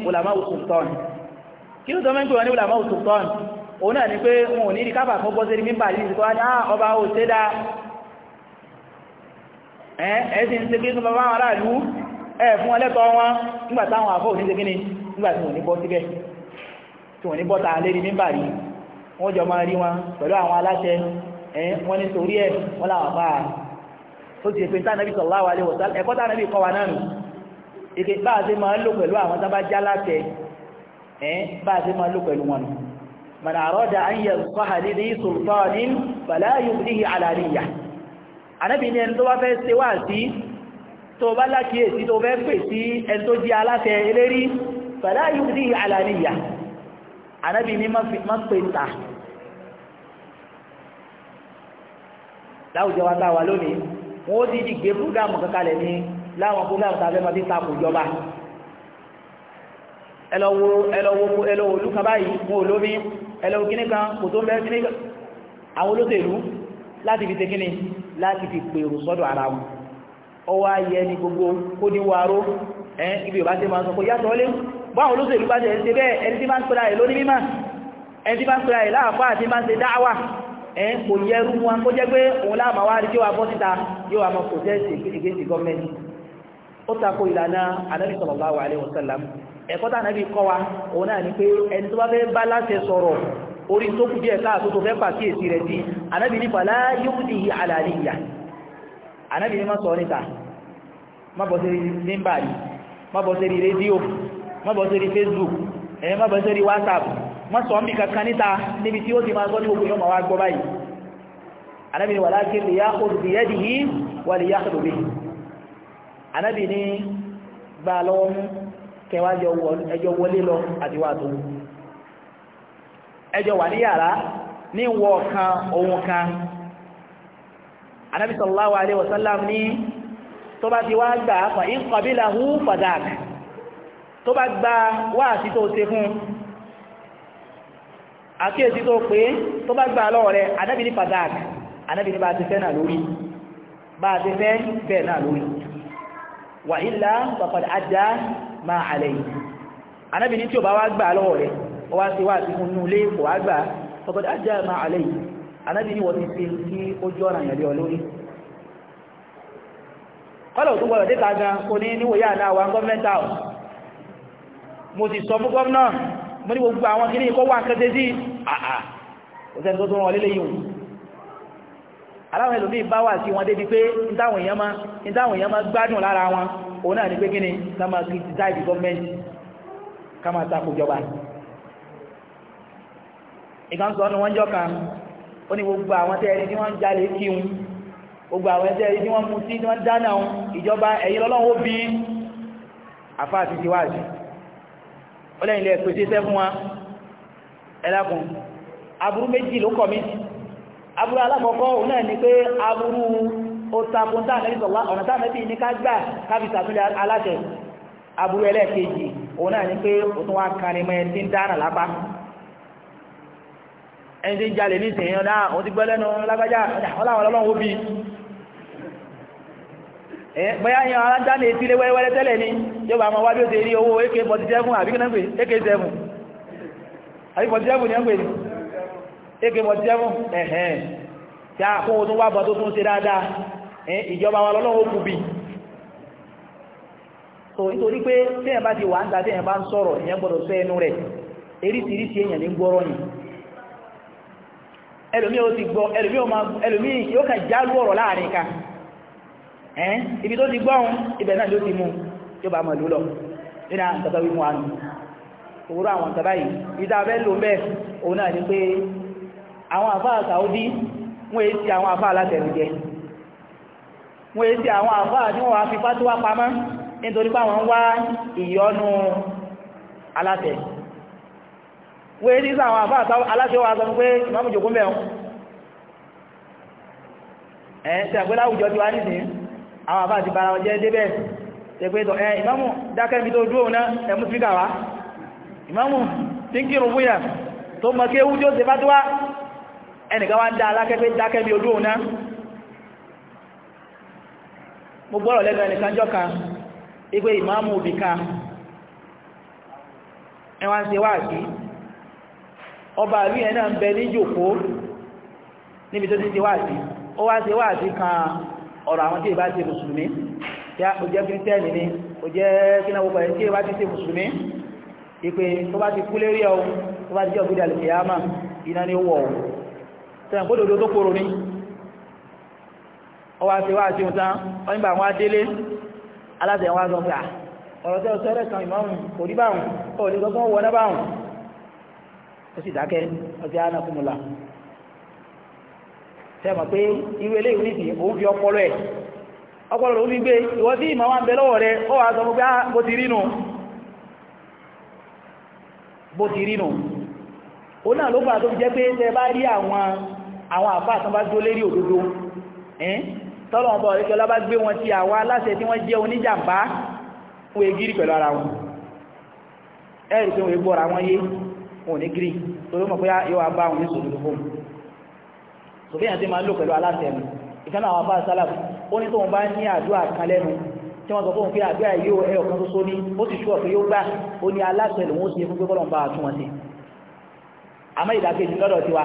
ulama usultan kí ló tọ́ ulama usultan òun náà ni pé wọn ò ní kábà fún bọ́sẹ̀rí mímbà ní ìsìnkọ́ ah, ní ọba ò tẹ́ dá ẹ̀ẹ́sì ń segí nípa báwọn aráàlú ẹ̀ fún ọlẹ́tọ̀ wọn nígbà táwọn àfọ́ òní segí ni nígbà tí wọ́n ní bọ́ síbẹ̀ tí wọ́n ní bọ́ta lérí mímbà rí wọ́n jọ máa rí wọn pẹ̀lú àwọn aláṣẹ wọ́n ní torí ẹ̀ wọ́n làwọn bá a ó ti pè tánàbí sallallahu alaihi wasallam ẹ̀kọ́ tánàbí kọ́ wa náà nù ìkè bá lò pẹ̀lú wọn من أراد أن ينصح لذي سلطان فلا يبديه علانية Ànábì ní ẹni tó bá fẹ́ ṣe wáàsí tó bá lákìíyèsí tó fẹ́ pè sí ẹni tó jí aláṣẹ elérí فلا يبديه علانية Ànábì ní má pè tà láwùjọ wa táwà lónìí wọ́n ti di gbé fúgàmù kankalẹ̀ ní láwọn fúgàmù tàbí ma ti takò jọba ẹlọ́wọ́ olúkà báyìí wọn ò lómi ẹlẹ́wọ̀ kíní kan kò tó ń bẹ́ kíní àwọn olóṣèlú láti fi tekíní láti fi pèrò sọ́dọ̀ ara wọn ọwọ́ ayẹ ni gbogbo kó ní wàró ẹ́ ibi ò bá ti máa sọ pé yàtọ̀ lé báwọn olóṣèlú bá jẹ́ bẹ́ẹ̀ ẹni tí bá ń pẹ́ra ẹ̀ lóní mímọ̀ ẹni ó tako ìlànà anábì sallallahu alaihi wasallam ẹ̀kọ́ tá anábì kọ́ wa òun náà ni pé ẹni tó bá fẹ́ bá láṣẹ sọ̀rọ̀ orí tó kù díẹ̀ káà tó tó fẹ́ pàkíyèsí rẹ̀ sí anábì ní fàlá yóò di àlàníyà anábì ní má sọ níta má bọ́ sí nímbàrí má bọ́ sí rédíò má bọ́ sí facebook ẹ̀yẹ má bọ́ sí whatsapp má sọ ń bí kankan níta níbi tí ó ti máa gbọ́ ní gbogbo yóò máa wá gbọ́ anábì ní wàlá kí yá òdìyẹ́dìí wà lè yá òdìyẹ́dìí anábì ní gbà lọ́wọ́ mú kẹwàá ẹjọ́ wọlé lọ àdíwá tó ẹjọ́ wà ní yàrá ní wọ kan ohun kan anábì sallallahu alaihi wasallam ní tó bá ti wá gbà fa in qabilahu fadak tó bá gba wá àti tó ṣe fún àkíyèsí tó pé tó bá gba lọ́wọ́ rẹ̀ anábì ní fadak anábì ní bá ti fẹ́ náà lórí bá ti fẹ́ bẹ́ẹ̀ náà lórí wà ilá pàpàdà àjá máa àlẹ́ yìí anábì ní tí ó bá wá gbà lọ́wọ́ rẹ̀ ó wá sí wá sí fún nulé kò wá gbà pàpàdà àjá máa àlẹ́ yìí anábì ní wọ́n ti fi kí ó jọ ọ̀ràn yẹn lé kọ́lọ̀ tó gbọ́dọ̀ dé ta kò ní níwòye àná àwọn gọ́ọ̀mẹ́ntà mo ti sọ fún gọ́ọ̀mù mo ní gbogbo àwọn kìnnìkan wà kẹ́tẹ́ sí àà kò aláwọn ẹlòmí bá wà sí wọn débi pé ìtàwọn èèyàn máa gbádùn lára wọn òun náà ni pé kíni ká máa criticize gọ́ọ̀mẹ́ntì ká máa takò jọba ìkan sọ ọ́nà wọ́n jọ kan ó ní gbogbo àwọn tẹ́ẹ̀rí tí wọ́n ń jalè kí un gbogbo àwọn tẹ́ẹ̀rí tí wọ́n mú sí tí wọ́n dáná un ìjọba ẹ̀yìn lọ́lọ́wọ́ ó bí aburú alákọ̀ọ́kọ́ òun náà ni pé aburú otakunta nẹ́bí sọ̀wá ọ̀nà tá nẹ́bí ní ká gbà kábi sàtúnlẹ̀ aláṣẹ aburú ẹlẹ́ẹ̀kejì òun náà ni pé ó tún wá kan ní mọ́ ẹni tí ń dára lápá ẹni tí ń jalè ní ìsìn yẹn náà ti gbọ́ lẹ́nu lágbájá ọláwọn ọlọ́run ó bí bóyá yẹn alájáde ìtílé wẹ́rẹ́wẹ́rẹ́ tẹ́lẹ̀ ni yóò bá máa wá bí ó ti rí owó ak47 eke mọ̀ tí ẹmú ẹ̀hẹ́n tí a kún ohun tó wà bọ̀ tó tún ṣe dáadáa ìjọba wa lọ́lọ́wọ́ ó kù bí so nítorí pé téèyàn bá ti wà ń ta téèyàn bá ń sọ̀rọ̀ ìyẹn gbọ́dọ̀ sọ ẹnu rẹ̀ eríṣiríṣi èèyàn ní gbọ́rọ̀ yìí ẹlòmí ó ti gbọ́ ẹlòmí yóò kà jálú ọ̀rọ̀ láàrin ká ẹ́n ibi tó ti gbọ́ ohun ibẹ̀ náà ló ti mú yóò bá mọ̀ lólọ nínú àwọn tàbí mú àánú òwúrọ̀ àwọn tàbí yìí ìdábẹ́ lò bẹ́ẹ̀ òun náà ní pé àwọn àfáà Saudi wọ́n èé sí àwọn àfáà látẹ̀lújẹ wọ́n èé sí àwọn àfáà tí wọ́n wá fi fátúwá pamọ́ nítorí páwọn wá ìyọnu alátẹ̀ wọ́n èé sí àwọn àfáà alátẹ̀ wọ́n sọ pé ìmọ̀mù jòkó mẹ́rin ẹ̀ tẹ̀gbẹ́ láwùjọ ti wá nìsín àwọn àfáà ti bára wọn jẹ́ débẹ̀ tẹ̀gbẹ́tọ̀ ẹ ìmọ̀mù dákẹ́mi tó dúró náà ẹ̀mú fíkà wá ìmọ̀mù tí ń kírun fún yà tó mọ̀ kí ewu tí ó ṣe fátúwá ẹnìkan wá ń dá alákẹ́gbẹ́ dákẹ́ bí ojú òun náà mo gbọ́rọ̀ lẹ́nu ẹnìkan jọ́ka igbe ìmáàmù òbí ká ẹwà ń ṣe wá àti ọba àrí ẹ̀ náà ń bẹ ní ìjòkó níbi tó ti ṣe wá àti ó wá ṣe wá àti kan ọ̀rọ̀ àwọn tí ìbá ti mùsùlùmí ya ó jẹ́ kírísítẹ́nì ni ó jẹ́ kínáwópa ẹ̀ tí ìbá ti ṣe mùsùlùmí ìpè tó bá ti kú lérí ẹ̀ tó bá ti jẹ́ ògbédàlẹ̀ kìyàmà iná sẹ́yìn kó dòdó tó kòrò ní ọ sí wá sí òun tán wọn délé aláṣẹ wọn sọ pé ọ̀rọ̀ tẹ́ ọ̀sẹ́rẹ̀ kan ìmọ̀rùn kò rí báwọn ọ̀ ní gbọ́gbọ́n wọ ó sì dákẹ́ ọjọ́ àná fún pé irú òun fi ọpọlọ ẹ̀ ọpọlọ ló fi gbé sí ìmọ̀ wa ń bẹ lọ́wọ́ rẹ ó sọ pé bó ti bó ti òun náà ló àwọn àfáà tán bá dó lérí òdodo tọ́lọ̀wọ́n bọ̀ ọ̀rẹ́kẹ́ ọlá bá gbé wọn ti àwa aláṣẹ tí wọ́n jẹ́ oníjàmbá wọ́n ègírí pẹ̀lú ara wọn ẹ̀rì tí wọ́n gbọ́ra wọn yé wọn ní gírí torí mọ̀ pé yóò wá bá wọn ní sòdòdó fún sòfíyàn tí máa ń lò pẹ̀lú aláṣẹ mi ìkánná àwọn afá sálà ó ní tóun bá ní àdúrà kan lẹ́nu tí wọ́n sọ fóun pé àdúrà yóò ẹ ọ̀kan tó só ní ó sì ṣúọ̀ pé yóò gbà ó ní aláṣẹ lòun ó ṣe fún pé kọ́lọ̀ ń bá àtúnwọ̀n sí àmọ́ ìdàkejì lọ́dọ̀ tiwa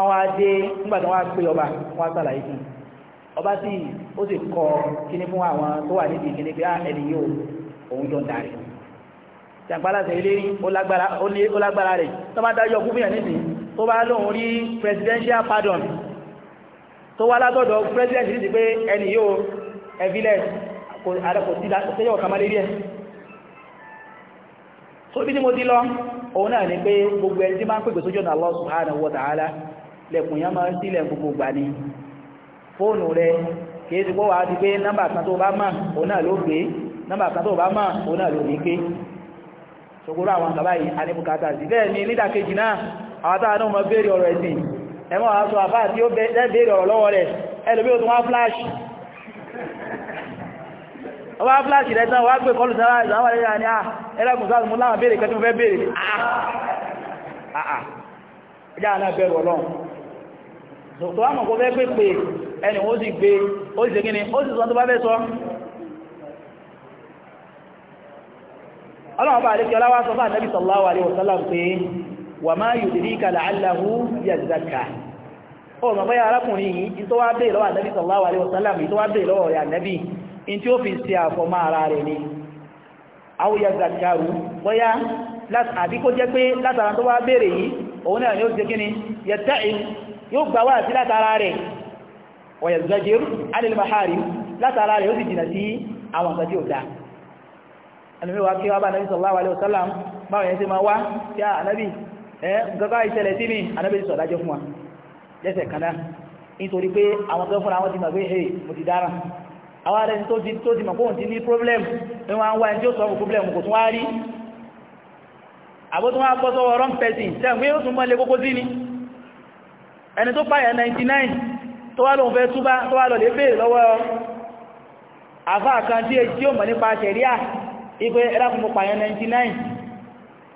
wọ́n wá dé nígbàtí wọ́n wá pé ọba wọ́n sàlàyé fún ọba tí ó sì kọ kíní fún àwọn tó wà nídìí kíní pé ah, ẹni yóò òun jọ ń darí jàǹpálàṣẹ eléyìí ó lágbára rẹ̀ tó bá kú tó bá lóun rí presidential pardon tó wá látọ̀dọ̀ president ti pé ẹni yóò sí rí tó bí mo ti lọ òun náà ni pé gbogbo ẹni tí máa ń sójú ọ̀nà lẹ̀kùn yẹn máa ń sílẹ̀ gbogbo gbà ni fóònù rẹ kìí ti kó wàá di pé nọ́mbà kan tó bá mọ̀ òun náà ló gbé nọ́mbà kan tó bá mọ̀ òun náà ló ní gbé ṣògbóró àwọn àgbà yìí a sí bẹ́ẹ̀ ni nídàkejì náà àwọn táwọn náà mọ béèrè ọ̀rọ̀ ẹ̀sìn ẹmọ́ àwọn sọ àbá tí ó béèrè ọ̀rọ̀ lọ́wọ́ rẹ̀ ẹlòmí ò tún wá flash ọwá flash rẹ̀ tán wá gbé kọlù sára ìzàwà lẹ́yà ní ah, ẹlẹ́gùn sáàmù láwọn béèrè kẹtùn fẹ́ béèrè ah, ah, tó wá mọ̀ kó fẹ́ ozi ẹni ó sì gbé ó sì segin ó sì sọ tó bá fẹ́ sọ ọlọ́run bá àlékí ọláwá sọ fún ànábì sallallahu alaihi wasallam pé wà máa yudrika la'allahu yazakka ó mọ̀ bóyá arákùnrin yìí tí ó yóò gbà wá sí látara rẹ̀ wọ̀yẹ̀ zajir anil mahari látara rẹ̀ ó sì jìnà sí àwọn nǹkan tí ó dá ẹlùmíwá kí wá bá nàbí sallallahu alaihi wasallam báwọn yẹn sí máa wá sí ànábì ẹ nǹkan bá ìṣẹ̀lẹ̀ sí mi ànábì sọ dájọ́ fún wa lẹ́sẹ̀ kanáà nítorí pé àwọn tó fúnra wọn ti mọ̀ pé hey mo ti dára àwọn arẹni tó ti tó ẹni tó pààyàn 99 tó wá lóun fẹ́ túbá tó wá lọ́lẹ̀ bèèrè lọ́wọ́ àfáà kan tí èjì ò mọ̀ nípa ṣẹ̀ríà ipé ẹlákùn mo pààyàn 99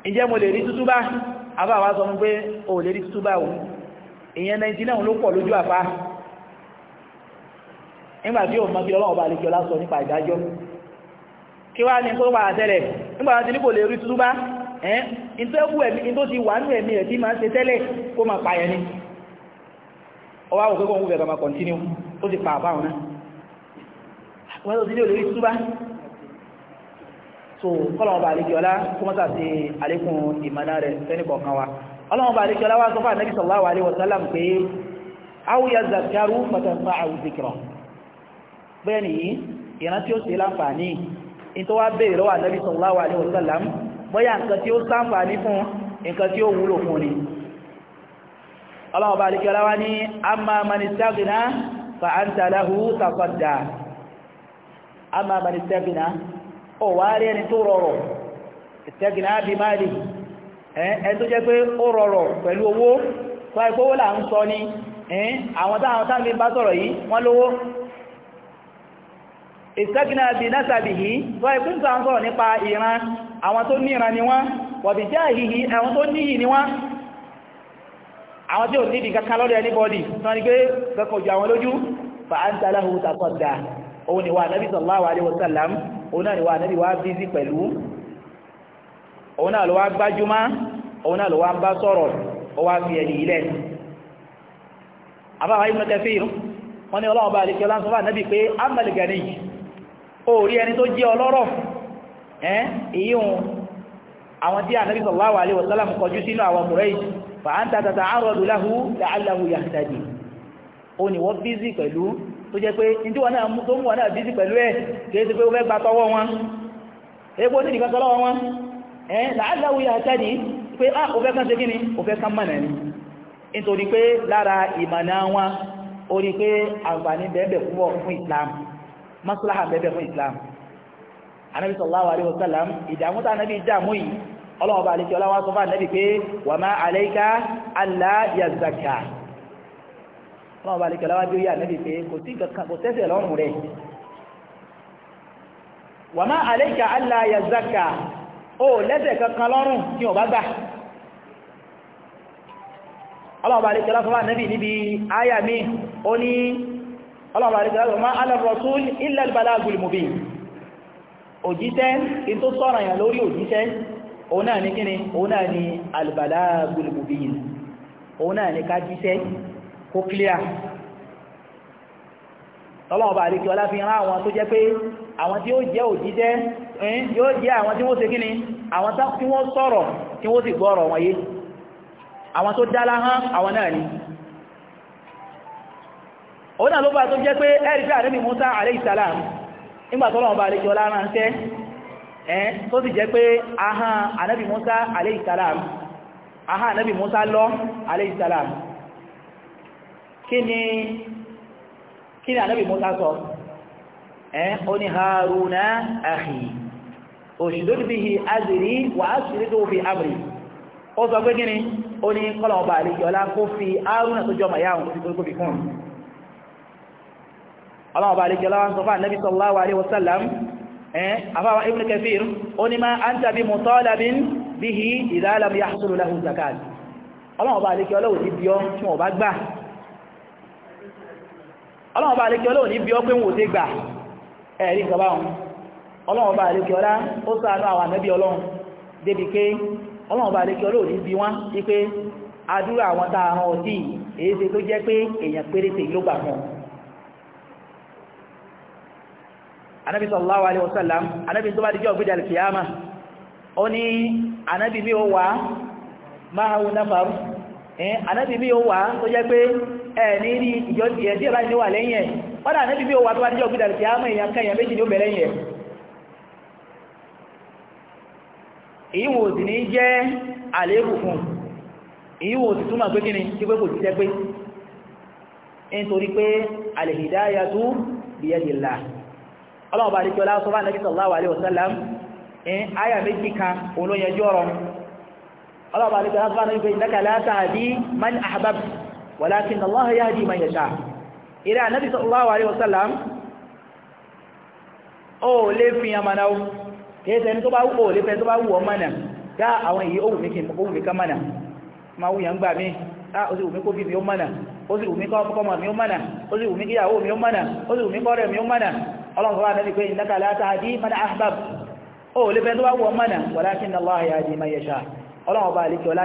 ìjẹ́ mo lè rí tútúbá àfáà wá sọ mú pé o lè rí tútúbá òun ìyẹn 99 ló pọ̀ lójú àfá nígbà tí ò mọ́ kí ọlọ́run bá lè jọ lásọ nípa ìdájọ́ kí wá ní kó wà àtẹ́lẹ̀ nígbà tí nípò lè rí tútúbá ẹ́ ìtẹ́wù ẹ̀mí tó ti wà nínú ẹ̀mí rẹ̀ tí máa ń ṣe tẹ́lẹ̀ kó máa pààyàn ni ọwá wọ́n kẹ́kọ̀ọ́ wúfẹ́ kama continue ó ti pàápá wọn náà wọ́n tó sí ní olórí túbá so kọ́lọ̀ ọba àlejòọlá kó mọ́ta sí àlékún ìmọ̀dá rẹ̀ fẹ́ni kọ̀ọ̀kan wa ọlọ́wọ́n ọba sallallahu alaihi wasallam pé áwùyà zakaru mọ̀tẹ̀fà àwùzikirọ̀ bẹ́ẹ̀ ni ìran tí ó ṣe láǹfààní in tó wá bèèrè sallallahu alaihi wasallam bóyá nǹkan tí ó sáǹfààní fún nǹkan tí ó wúlò fún ni ọlọ́wọ́ bá alikẹ́ ọláwá ní amma fa an talahu tafadda amma manistagina ó wá rí ẹni tó rọrọ̀ istagina bí máàlì ẹni tó jẹ́ pé ó rọrọ̀ pẹ̀lú owó tó àìkówó la ń sọ ní àwọn àwọn tó ni ni àwọn tí ò ní ìdíkà ká lọ́dọ̀ anybody tán ni pé kọkọ̀ jù àwọn lójú fa á ń ta aláhùn tàkọ̀dà òun ni wà nábì sallallahu alaihi wasallam òun náà ni wà nábì wá bízí pẹ̀lú òun náà ló wá gbájúmọ́ òun náà ló wá ń bá sọ̀rọ̀ ó wá fi ẹ̀lì ilẹ̀ àwọn tí ànábì sallallahu alaihi kọjú sínú àwọn Quraysh Fa tàtà àrọ̀dù láhù làálàhù yàtàdì ó ní wọ́n bízì pẹ̀lú tó jẹ́ pé to tí wọ́n náà tó mú wọn náà bízì pẹ̀lú ẹ̀ kìí ṣe pé ó fẹ́ gba tọwọ́ wọn epo ní nìkan tọwọ́ wọn ẹ̀ làálàhù yàtàdì pé á ah, ó fẹ́ kan ṣe kíni ó ni nítorí pé lára ìmọ̀nà wọn ó rí pé àǹfààní Islam maslaha bẹ́ẹ̀ Islam Ànábì sallallahu alaihi wasallam ìdààmú tá Ànábì dààmú yi. ọlọ́wọ́ bá alẹ́kẹ́ ọlọ́wọ́ sọ fún ànábì pé wà má alayka alla yazakka ọlọ́wọ́ bá alẹ́kẹ́ ọlọ́wọ́ bí ó yà ànábì pé kò sí kankan kò tẹ́sẹ̀ lọ́rùn rẹ̀ wà má alayka alla yazakka ó lẹ́sẹ̀ kankan lọ́rùn tí ò bá gbà ọlọ́wọ́ bá alẹ́kẹ́ ọlọ́wọ́ sọ fún níbi áyà mi ó ní ọlọ́wọ́ alẹ́kẹ́ ọlọ́wọ́ má ala rasul illa òun náà ní kíni òun náà ní albalagul mubin òun náà ní ká jíṣẹ́ kó clear tọ́lọ́ọ̀bà àríkí ọlá fi rán àwọn tó jẹ́ pé àwọn tí ó jẹ́ òjíjẹ́ yóò jẹ́ àwọn tí wọ́n ṣe kíni àwọn tí wọ́n sọ̀rọ̀ tí wọ́n sì gbọ́rọ̀ wọ́n yé àwọn tó dá láhán àwọn náà ni òun náà ló bá tó jẹ́ pé ẹ̀rí pé àrẹ́mì Musa alayhi salam nígbà tọ́lọ́ọ̀bà àríkí ọlá ránṣẹ́ ẹ́ tó sì jẹ́ pé ahán anábì Musa aleyhisalam ahán Musa lọ aleyhisalam ni kí Musa sọ ẹ́ akhi bihi azìrí wà á sì rédò fi amri ó sọ pé gíní ó ní àlejọ́lá kó fi Haruna tó jọmọ̀ yáhùn kó fi fún ọlọ́ọ̀bà àlejọ́lá wọn sọ fún Eh, afáwa ibn kathir ó oh, ma anta bi mutalabin bihi idha lam yahsul lahu zakat ọlọ́wọ́ bá alékẹ́ ọlọ́wọ́ ní bí ọ tí wọ́n bá gbà ọlọ́wọ́ bá alékẹ́ ọlọ́wọ́ ní bí ọ pé wọ́n tẹ́ gbà ẹ̀rí ọlọ́wọ́ bá ọlá ó àwọn anábi sallallahu alaihi wasallam anábi tó bá díjọ́ ògbídà alkiyama ó ní anábi mi ó wà máhàwù náfàr anábi mi ó wà tó jẹ́ pé ẹ̀ ní rí ìjọ díẹ̀ díẹ̀ báyìí wà lẹ́yìn ẹ̀ wọ́n anábi mi ó wà tó bá díjọ́ ògbídà alkiyama èèyàn jẹ́ àléébù ọlọ́ọ̀bá àríkẹ́ ọlá sọ́bá nàbí sallallahu alaihi wasallam in aya méjì kan olóyẹjọ́ ọ̀rọ̀ ọlọ́ọ̀bá àríkẹ́ ọlá sọ́bá nàbí innaka la tahdi man ahbabta walakin Allah yahdi man yasha ìrẹ́ ànábì sallallahu alaihi wasallam ó lè fi àmànà ó kéèsẹ̀ ní tó bá wù ó lè fẹ́ tó bá wù ọ mọ́nà dá àwọn èyí ó wù mí kan ó wù mí kó bí ó sì wù mí kọ́mọ mi ó mọ̀nà ó sì wù mí kíyàwó mi ó mọ̀nà ó sì wù mí kọ́rẹ̀ mi ó mọ̀nà ọlọ́run sọ́wọ́ àdẹ́bí pé innaka la tahdi man ahbab ó lè fẹ́ tó bá wù ọ mọ̀nà walakinna Allaha yahdi man yasha ọlọ́run ọba àlekí ọlá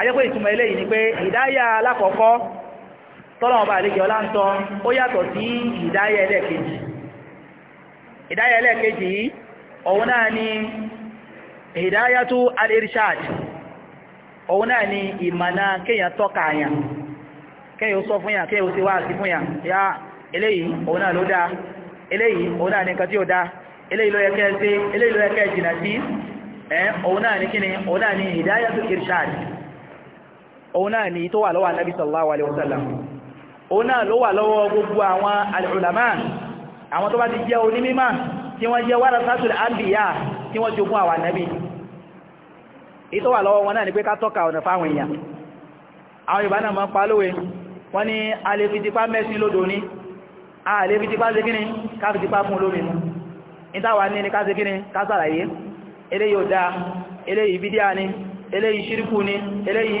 ajẹ́pẹ́ ìtumọ̀ eléyìí ni pé ìdáyà alákọ̀ọ́kọ́ tọ́lọ̀ọba àlejò ọlá ń sọ ó yàtọ̀ sí ìdáyà ẹlẹ́ẹ̀kejì ìdáyà ẹlẹ́ẹ̀kejì náà ni al-irshad òun náà ni ìmànà kéèyàn tọ́ka àyàn kéèyàn sọ fún ya tí ẹ̀ òun náà ni tó wà lọ́wọ́ anábì sallallahu alaihi wasallam òun náà ló wà lọ́wọ́ gbogbo àwọn al-ulama àwọn tó bá ti jẹ́ onímímà tí wọ́n jẹ́ warasatul anbiya tí wọ́n jogún àwọn anábì ìtó wà lọ́wọ́ wọn náà ni pé ká tọ́ka ọ̀nà fáwọn èèyàn àwọn Yorùbá náà máa ń palówe wọ́n ní a lè fi tipá mẹ́sìn lódò ní a lè eléyìí ò eléyìí bídíà ni eléyìí ṣíríkù ni eléyìí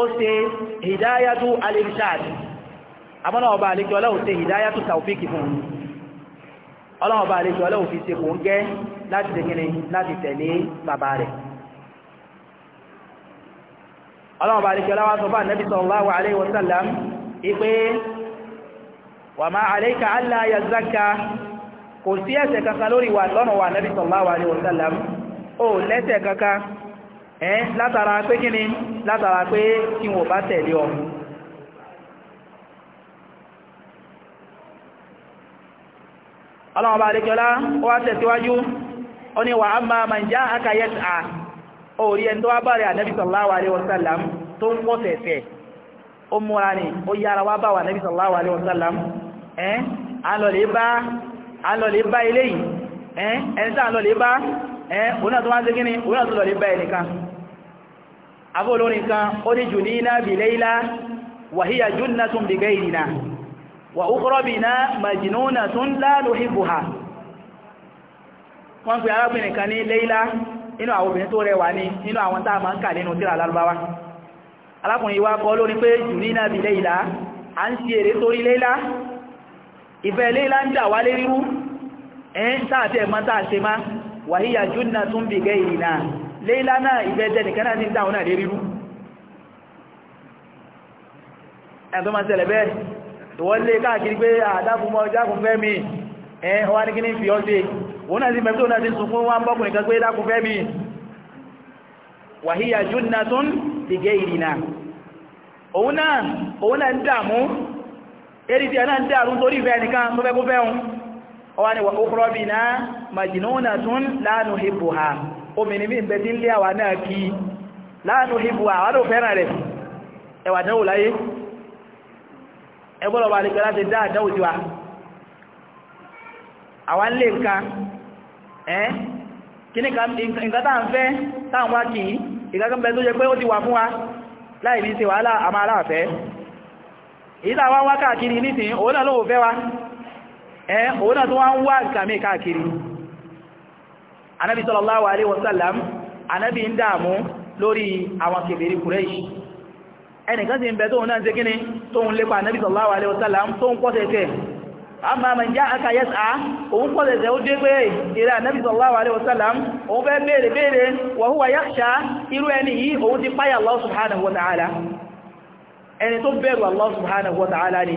ó ṣe hidayatu al-irshad àmọ́nà ọba àlejò ọlọ́run ṣe hidayatu tawfiki fún un ọlọ́run ọba àlejò ọlọ́run fi ṣe kò ń gẹ́ láti tẹ̀lé láti tẹ̀lé bàbá rẹ̀ ọlọ́run ọba àlejò ọlọ́run sọ fún ànábì sallallahu alaihi wasallam ìpé wa ma alayka alla yazakka kò ẹ́ látara pé kí ni látara pé kí wọ́n bá tẹ̀lé ọ ọlọ́wọ́ bá ó wá tẹ̀síwájú ó ní wà á máa aka à ó rí ẹni tó wá bàrẹ̀ ànábì wasallam tó ń pọ̀ tẹ̀ẹ̀tẹ̀ ó ní ó yára wá bá wà ànábì sallallahu wasallam ẹ́ abó olórin kan ó ní junina bi Layla wa hiya junnatun bi gayrina wa ukhra bina majnunatun la nuhibbuha wọ́n pè arábìnrin kan ní Layla inú àwọn obìnrin tó rẹwà ní inú àwọn tá a máa ń kà nínú tíra lálùbáwá alákùnrin léyìnlá náà ìbẹ́jẹ́ nìkan náà ní dáhùn náà lè rírú ẹ̀tọ́ máa tẹ̀lẹ̀ bẹ́ẹ̀ ìwọ́n lè káàkiri pé àdákùnmọ́ jákùn mi ẹ̀ wá ní kí ní fi ọ́ sí wọ́n náà sí mẹ́fẹ́ tó náà sí sunkún wá bọ́kùnrin kan pé dákùn mi wàhíyà júnnatún ti gẹ́ ìrìnà òun náà òun náà ń dààmú eré tí a náà ń dààrú torí ìfẹ́ nìkan la nuhibbuha Omini mi ń bẹ tí ń lé àwa náà kí láàánú ìbò àwọn àdó fẹ́ràn rẹ̀ ẹwà dánwò láyé ẹgbọ́n ọba àdìgbẹ́ láti dá àdánwò tiwa àwa ń lé nǹkan ẹ́ kí ní nǹkan tá à ń fẹ́ tá à ń wá kì í ìgbàgbọ́n bẹ tó yẹ pé ó wàhálà àmà aláàfẹ́ èyí wá wá káàkiri nísìnyí òun náà ló wa ẹ́ òun náà tó wá ń wá nǹkan káàkiri anábi sallallahu alaihi wasallam anábi ń dààmú lórí àwọn kèbèrè Quraysh ẹnìkan sì ń bẹ tóun náà ṣe kíni tóun lépa anábi sallallahu alaihi wasallam tóun pọ́sẹ̀tẹ̀ amma man ja'aka yas'a òun pọ́sẹ̀tẹ̀ ó dé pé ìrẹ́ anábi sallallahu alaihi wasallam òun fẹ́ béèrè béèrè wa huwa yakhsha irú ẹni yìí òun ti páyà Allah subhanahu wa ta'ala ẹni tó bẹ̀rù Allah subhanahu wa ta'ala ni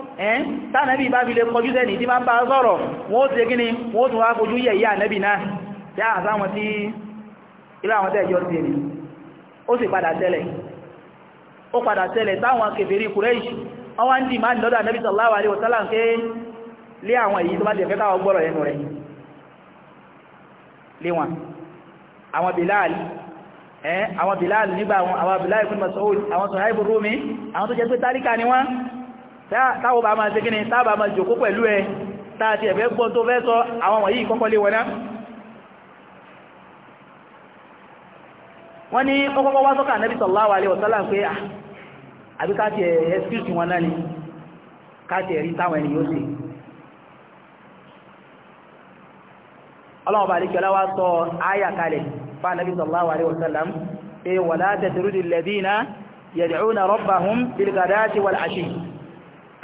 ẹ́n tánàbí bá fi lè kọjú sẹ́ni tí máa bá sọ̀rọ̀ wọ́n ó tẹ́ gíní wọ́n ó tún wá kojú yẹ̀ náà tí a sáwọn tí ilé àwọn tẹ́ẹ̀jọ́ ti rí ó sì padà tẹ́lẹ̀ ó padà tẹ́lẹ̀ táwọn kèfèrí kùrẹ́ìṣì wọ́n wá ń dì máa lọ́dọ̀ ànẹ́bì táwọn bá máa ṣe kíni táwọn bá máa jòkó pẹ̀lú ẹ táàtì ẹ̀fẹ́ gbọ́n tó fẹ́ sọ àwọn wọ̀nyí kọ́kọ́ lé wọ́n náà wọ́n ní ọkọ́kọ́ wá sọ́kà nẹ́bí sallallahu alaihi wasallam pé ah, àbí káàtì ẹ̀ẹ́sìkìsì wọn náà ni káàtì ẹ̀rí táwọn ẹni yóò sì ọlọ́ọ̀bà àríkẹ́lá wá sọ áyà pé wala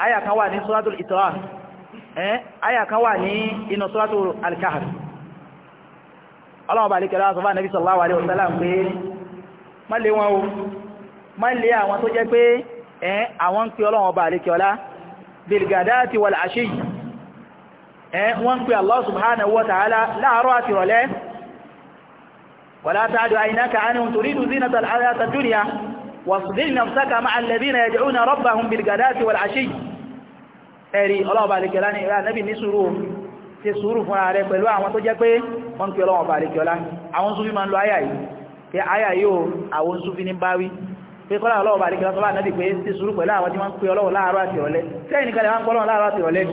àyà kan wà ní suratul Isra eh àyà kan wà ní inú suratul Al-Kahf ọlọ́wọ́ bá lè kẹ́lá sọ fún ànábì sallallahu alaihi wasallam pé má lé wọn o má lé àwọn tó jẹ́ pé eh àwọn ń pè ọlọ́wọ́ bá lè kẹ́lá bilgadati wal ashi eh wọ́n واصبر نفسك مع الذين يدعون ربهم بالغداة والعشي ẹ̀rí ọlọ́ọ̀bà àríkẹ́lá ní ìrà nẹ́bì ní sùúrù ti sùúrù fún ààrẹ pẹ̀lú àwọn tó jẹ́ pé wọ́n kí ọlọ́ọ̀bà àríkẹ́lá àwọn súnfí ma ń lo àyà yìí pé àyà yóò àwọn súnfí ní báwí pé kọ́lá ọlọ́ọ̀bà àríkẹ́lá sọ́lá nẹ́bì pé ti sùúrù pẹ̀lú àwọn tí wọ́n kí ọlọ́ọ̀ láàárọ̀ àti ọ̀lẹ́ tẹ́yìn kalẹ̀ wọ́n kọ́lọ́ láàárọ̀ àti ọ̀lẹ́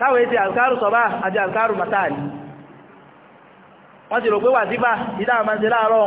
táwọn ètè àlùkárù sọ́bá àti àlùkárù mátàlì wọ́n ti rò pé wà sífà ìdáhùn máa ń ṣe láàárọ̀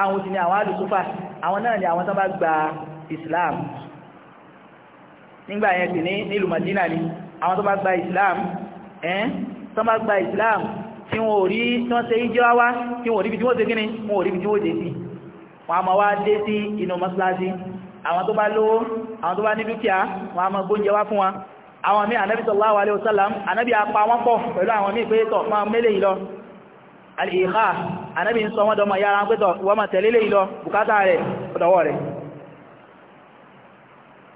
àwọn òsì ni àwọn alùsúfà àwọn náà ni àwọn tó bá gba islam nígbà yẹn sì ní nílùú madina ni àwọn tó bá gba islam ẹ́n tó bá gba islam tí wọ́n rí tí wọ́n ṣe ìjọ́ wá tí wọ́n rí bí tí wọ́n ṣe kíní wọ́n rí bí tí wọ́n dé sí wọ́n a máa wá dé sí inú mọ́sálásí àwọn tó bá lówó àwọn tó bá ní dúkìá wọ́n a máa gbóúnjẹ wá fún wa àwọn míì anábì sallallahu alaihi wasallam anábì apá wọn pọ̀ pẹ̀lú àwọn míì pé tọ̀ máa mélè yìí lọ alìhá anábi ń sọ wọ́n dọmọ yára pẹ́tọ̀ wọ́n ma tẹ̀lé lè lọ bùkátà rẹ̀ ọ̀dọ̀wọ́ rẹ̀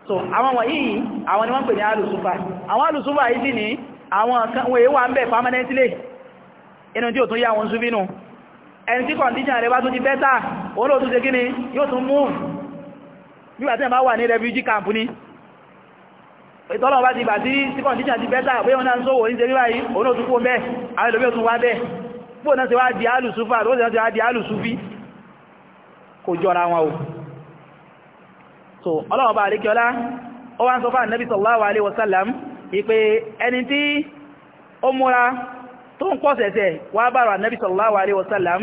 so àwọn wọ̀nyí àwọn ni wọ́n pè ní alùsúfà àwọn alùsúfà yìí sì ní àwọn wọ́n èé ń bẹ̀ permanently inú bá ti bẹ́tà tí ẹ̀ bá ti gbà pé wọ́n náà ń sówò ní ṣe rí báyìí òun tún kó bẹ́ẹ̀ àwọn ìlòmí ò wá bẹ́ẹ̀ bóò náà ti wá di alùsúfà bóò náà ti wá di alùsúfí kò jọra wọn o so ọlọ́wọ́ bá àríkíọlá ó wá ń sọ fáà nẹ́bí sallallahu alaihi wasallam ìpé ẹni tí ó múra tó ń pọ̀sẹ̀sẹ̀ wá bára nẹ́bí sallallahu alaihi wasallam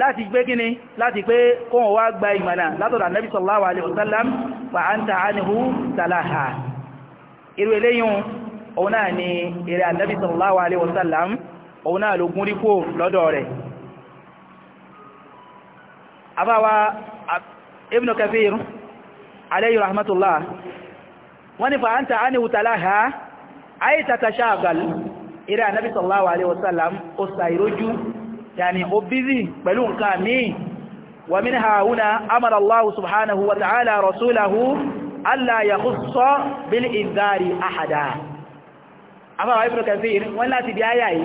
láti gbé gíní láti pé kó wá gba ìmọ̀nà látọ̀dà nẹ́bí sallallahu alaihi wasallam fa anta anhu talaha irú eléyìn òun náà ni eré ànẹ́bí sallallahu alaihi wasallam òun náà ló gún rípò lọ́dọ̀ rẹ̀ afáwa ibn kafir alayhi rahmatullah wọ́n ni fa'anta ani wutalaha ayi tatashagal ira anabi sallallahu alaihi wasallam ó sàìrójú yani ó bízi pẹ̀lú nǹkan míì wa min hauna amara subhanahu wa ta'ala rasulahu alla yakhussa bil idhari ahada afáwa ibn kafir wọ́n láti di ayayi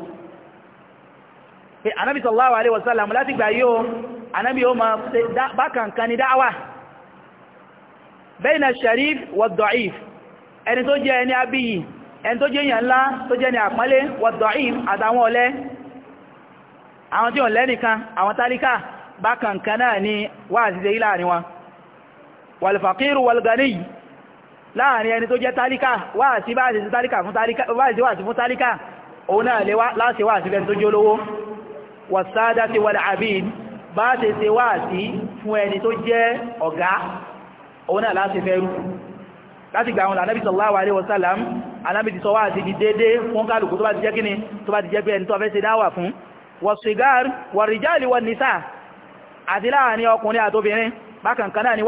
anábì sallallahu alaihi wasallam láti gbà yóò anábì yóò máa bákankan ní dáwà bayna sharif wa da'if ẹni tó jẹ́ ẹni abíyì ẹni tó jẹ́ èèyàn ńlá tó jẹ́ ni àpọ́nlé wa da'if àtàwọn ọ̀lẹ àwọn tí ò lẹ́nìkan àwọn tálíkà bákankan náà ni wà àti ṣe láàrin wọn wal faqiru wal ganiy láàrin ẹni tó jẹ́ tálíkà wà àti bá àti ṣe tálíkà fún tálíkà òun náà lè wá láti wà àti fẹ́ tó jẹ́ olówó wàsádàtí wàlàbíd bá ṣe ṣe wá sí fún ẹni tó jẹ́ ọ̀gá òun náà láti fẹ́rú láti gbà àwọn ànábì sallallahu alaihi wasallam ànábì ti sọ wá sí di dédé fún kálùkù tó bá ti jẹ́ kíni tó bá ti jẹ́ pé ẹni tó fẹ́ ṣe dáwà fún wàṣígáàr wàrìjáàlì wà nìsà àti láàrin ọkùnrin àtobìnrin bákankan náà ni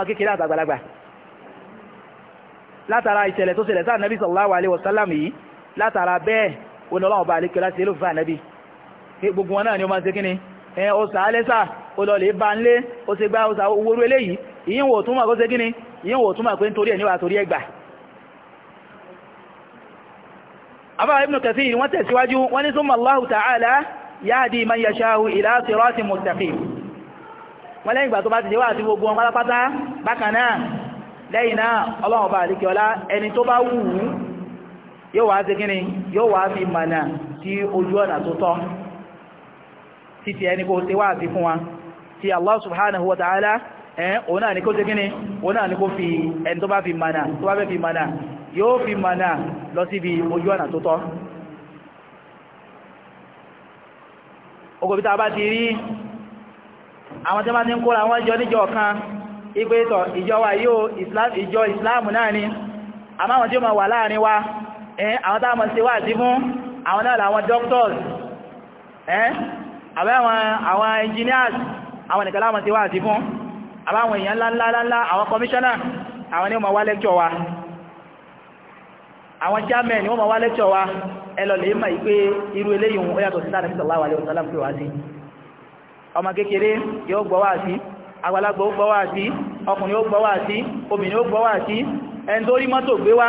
wá sí látara ìṣẹ̀lẹ̀ tó ṣẹlẹ̀ sáà ànábì sallallahu alaihi wasallam yìí látara bẹ́ẹ̀ ó ní ọlọ́run bá àlékè láti ló fún ànábì gbogbo wọn náà ni ó máa ṣe kíni ẹ ó sà á lẹ́sà ó lọ lè bá ń lé ó ṣe gbá ó sà owó orú eléyìí ìyín wò túmọ̀ kó ṣe kíni ìyín wò túmọ̀ pé nítorí ẹ̀ níwà torí ẹ̀ gbà. àbá Ibn Kathir wọ́n tẹ̀síwájú wọ́n ní summa Allahu ta'ala yahdi man yasha'u ila siratin mustaqim wọ́n lẹ́yìn ìgbà tó bá ti jẹ́wà àti gbogbo wọn pátápátá bákan náà lẹ́yìn náà ọlọ́run bá àlékè ọlá ẹni tó bá wù ú yóò wá sí yóò wá fi mana tí ojú ọ̀nà tó tọ́ títí ẹni kó ṣe wá sí fún wa Allah subhanahu wa ta'ala ẹn òun náà ni kó ṣe kíni òun náà ni kó fi ẹni tó bá fi mana tó bá fẹ́ fi mana yóò fi mana lọ sí ojú ọ̀nà tó tọ́ okòbítà bá ti rí àwọn tí wọ́n ti ń kóra wọ́n jọ níjọ kan ipé ìtọ̀ ìjọ wa yóò ìjọ ìsìláàmù náà ni àmáwọn ma wà ẹ́ àwọn tá a máa ṣe wáàsí fún àwọn náà làwọn doctors ẹ́ àbẹ́ àwọn engineers àwọn nìkan láwọn ṣe wáàsí fún àbáwọn èèyàn ńláńláńlá àwọn commissioner àwọn ni ó máa wá lecture wa àwọn chairman ni wọ́n máa wá lecture wa ẹ lọ lè mọ̀ ìpé irú eléyìí ó yàtọ̀ sí tánà sallallahu alaihi wasallam pé wá sí ọmọ kékeré yóò gbọ́ wá sí àgbàlagbà ó gbọ́ wá sí ọkùnrin ó gbọ́ wá sí obìnrin ó gbọ́ wá sí ẹni tó rí mọ́tò gbé wá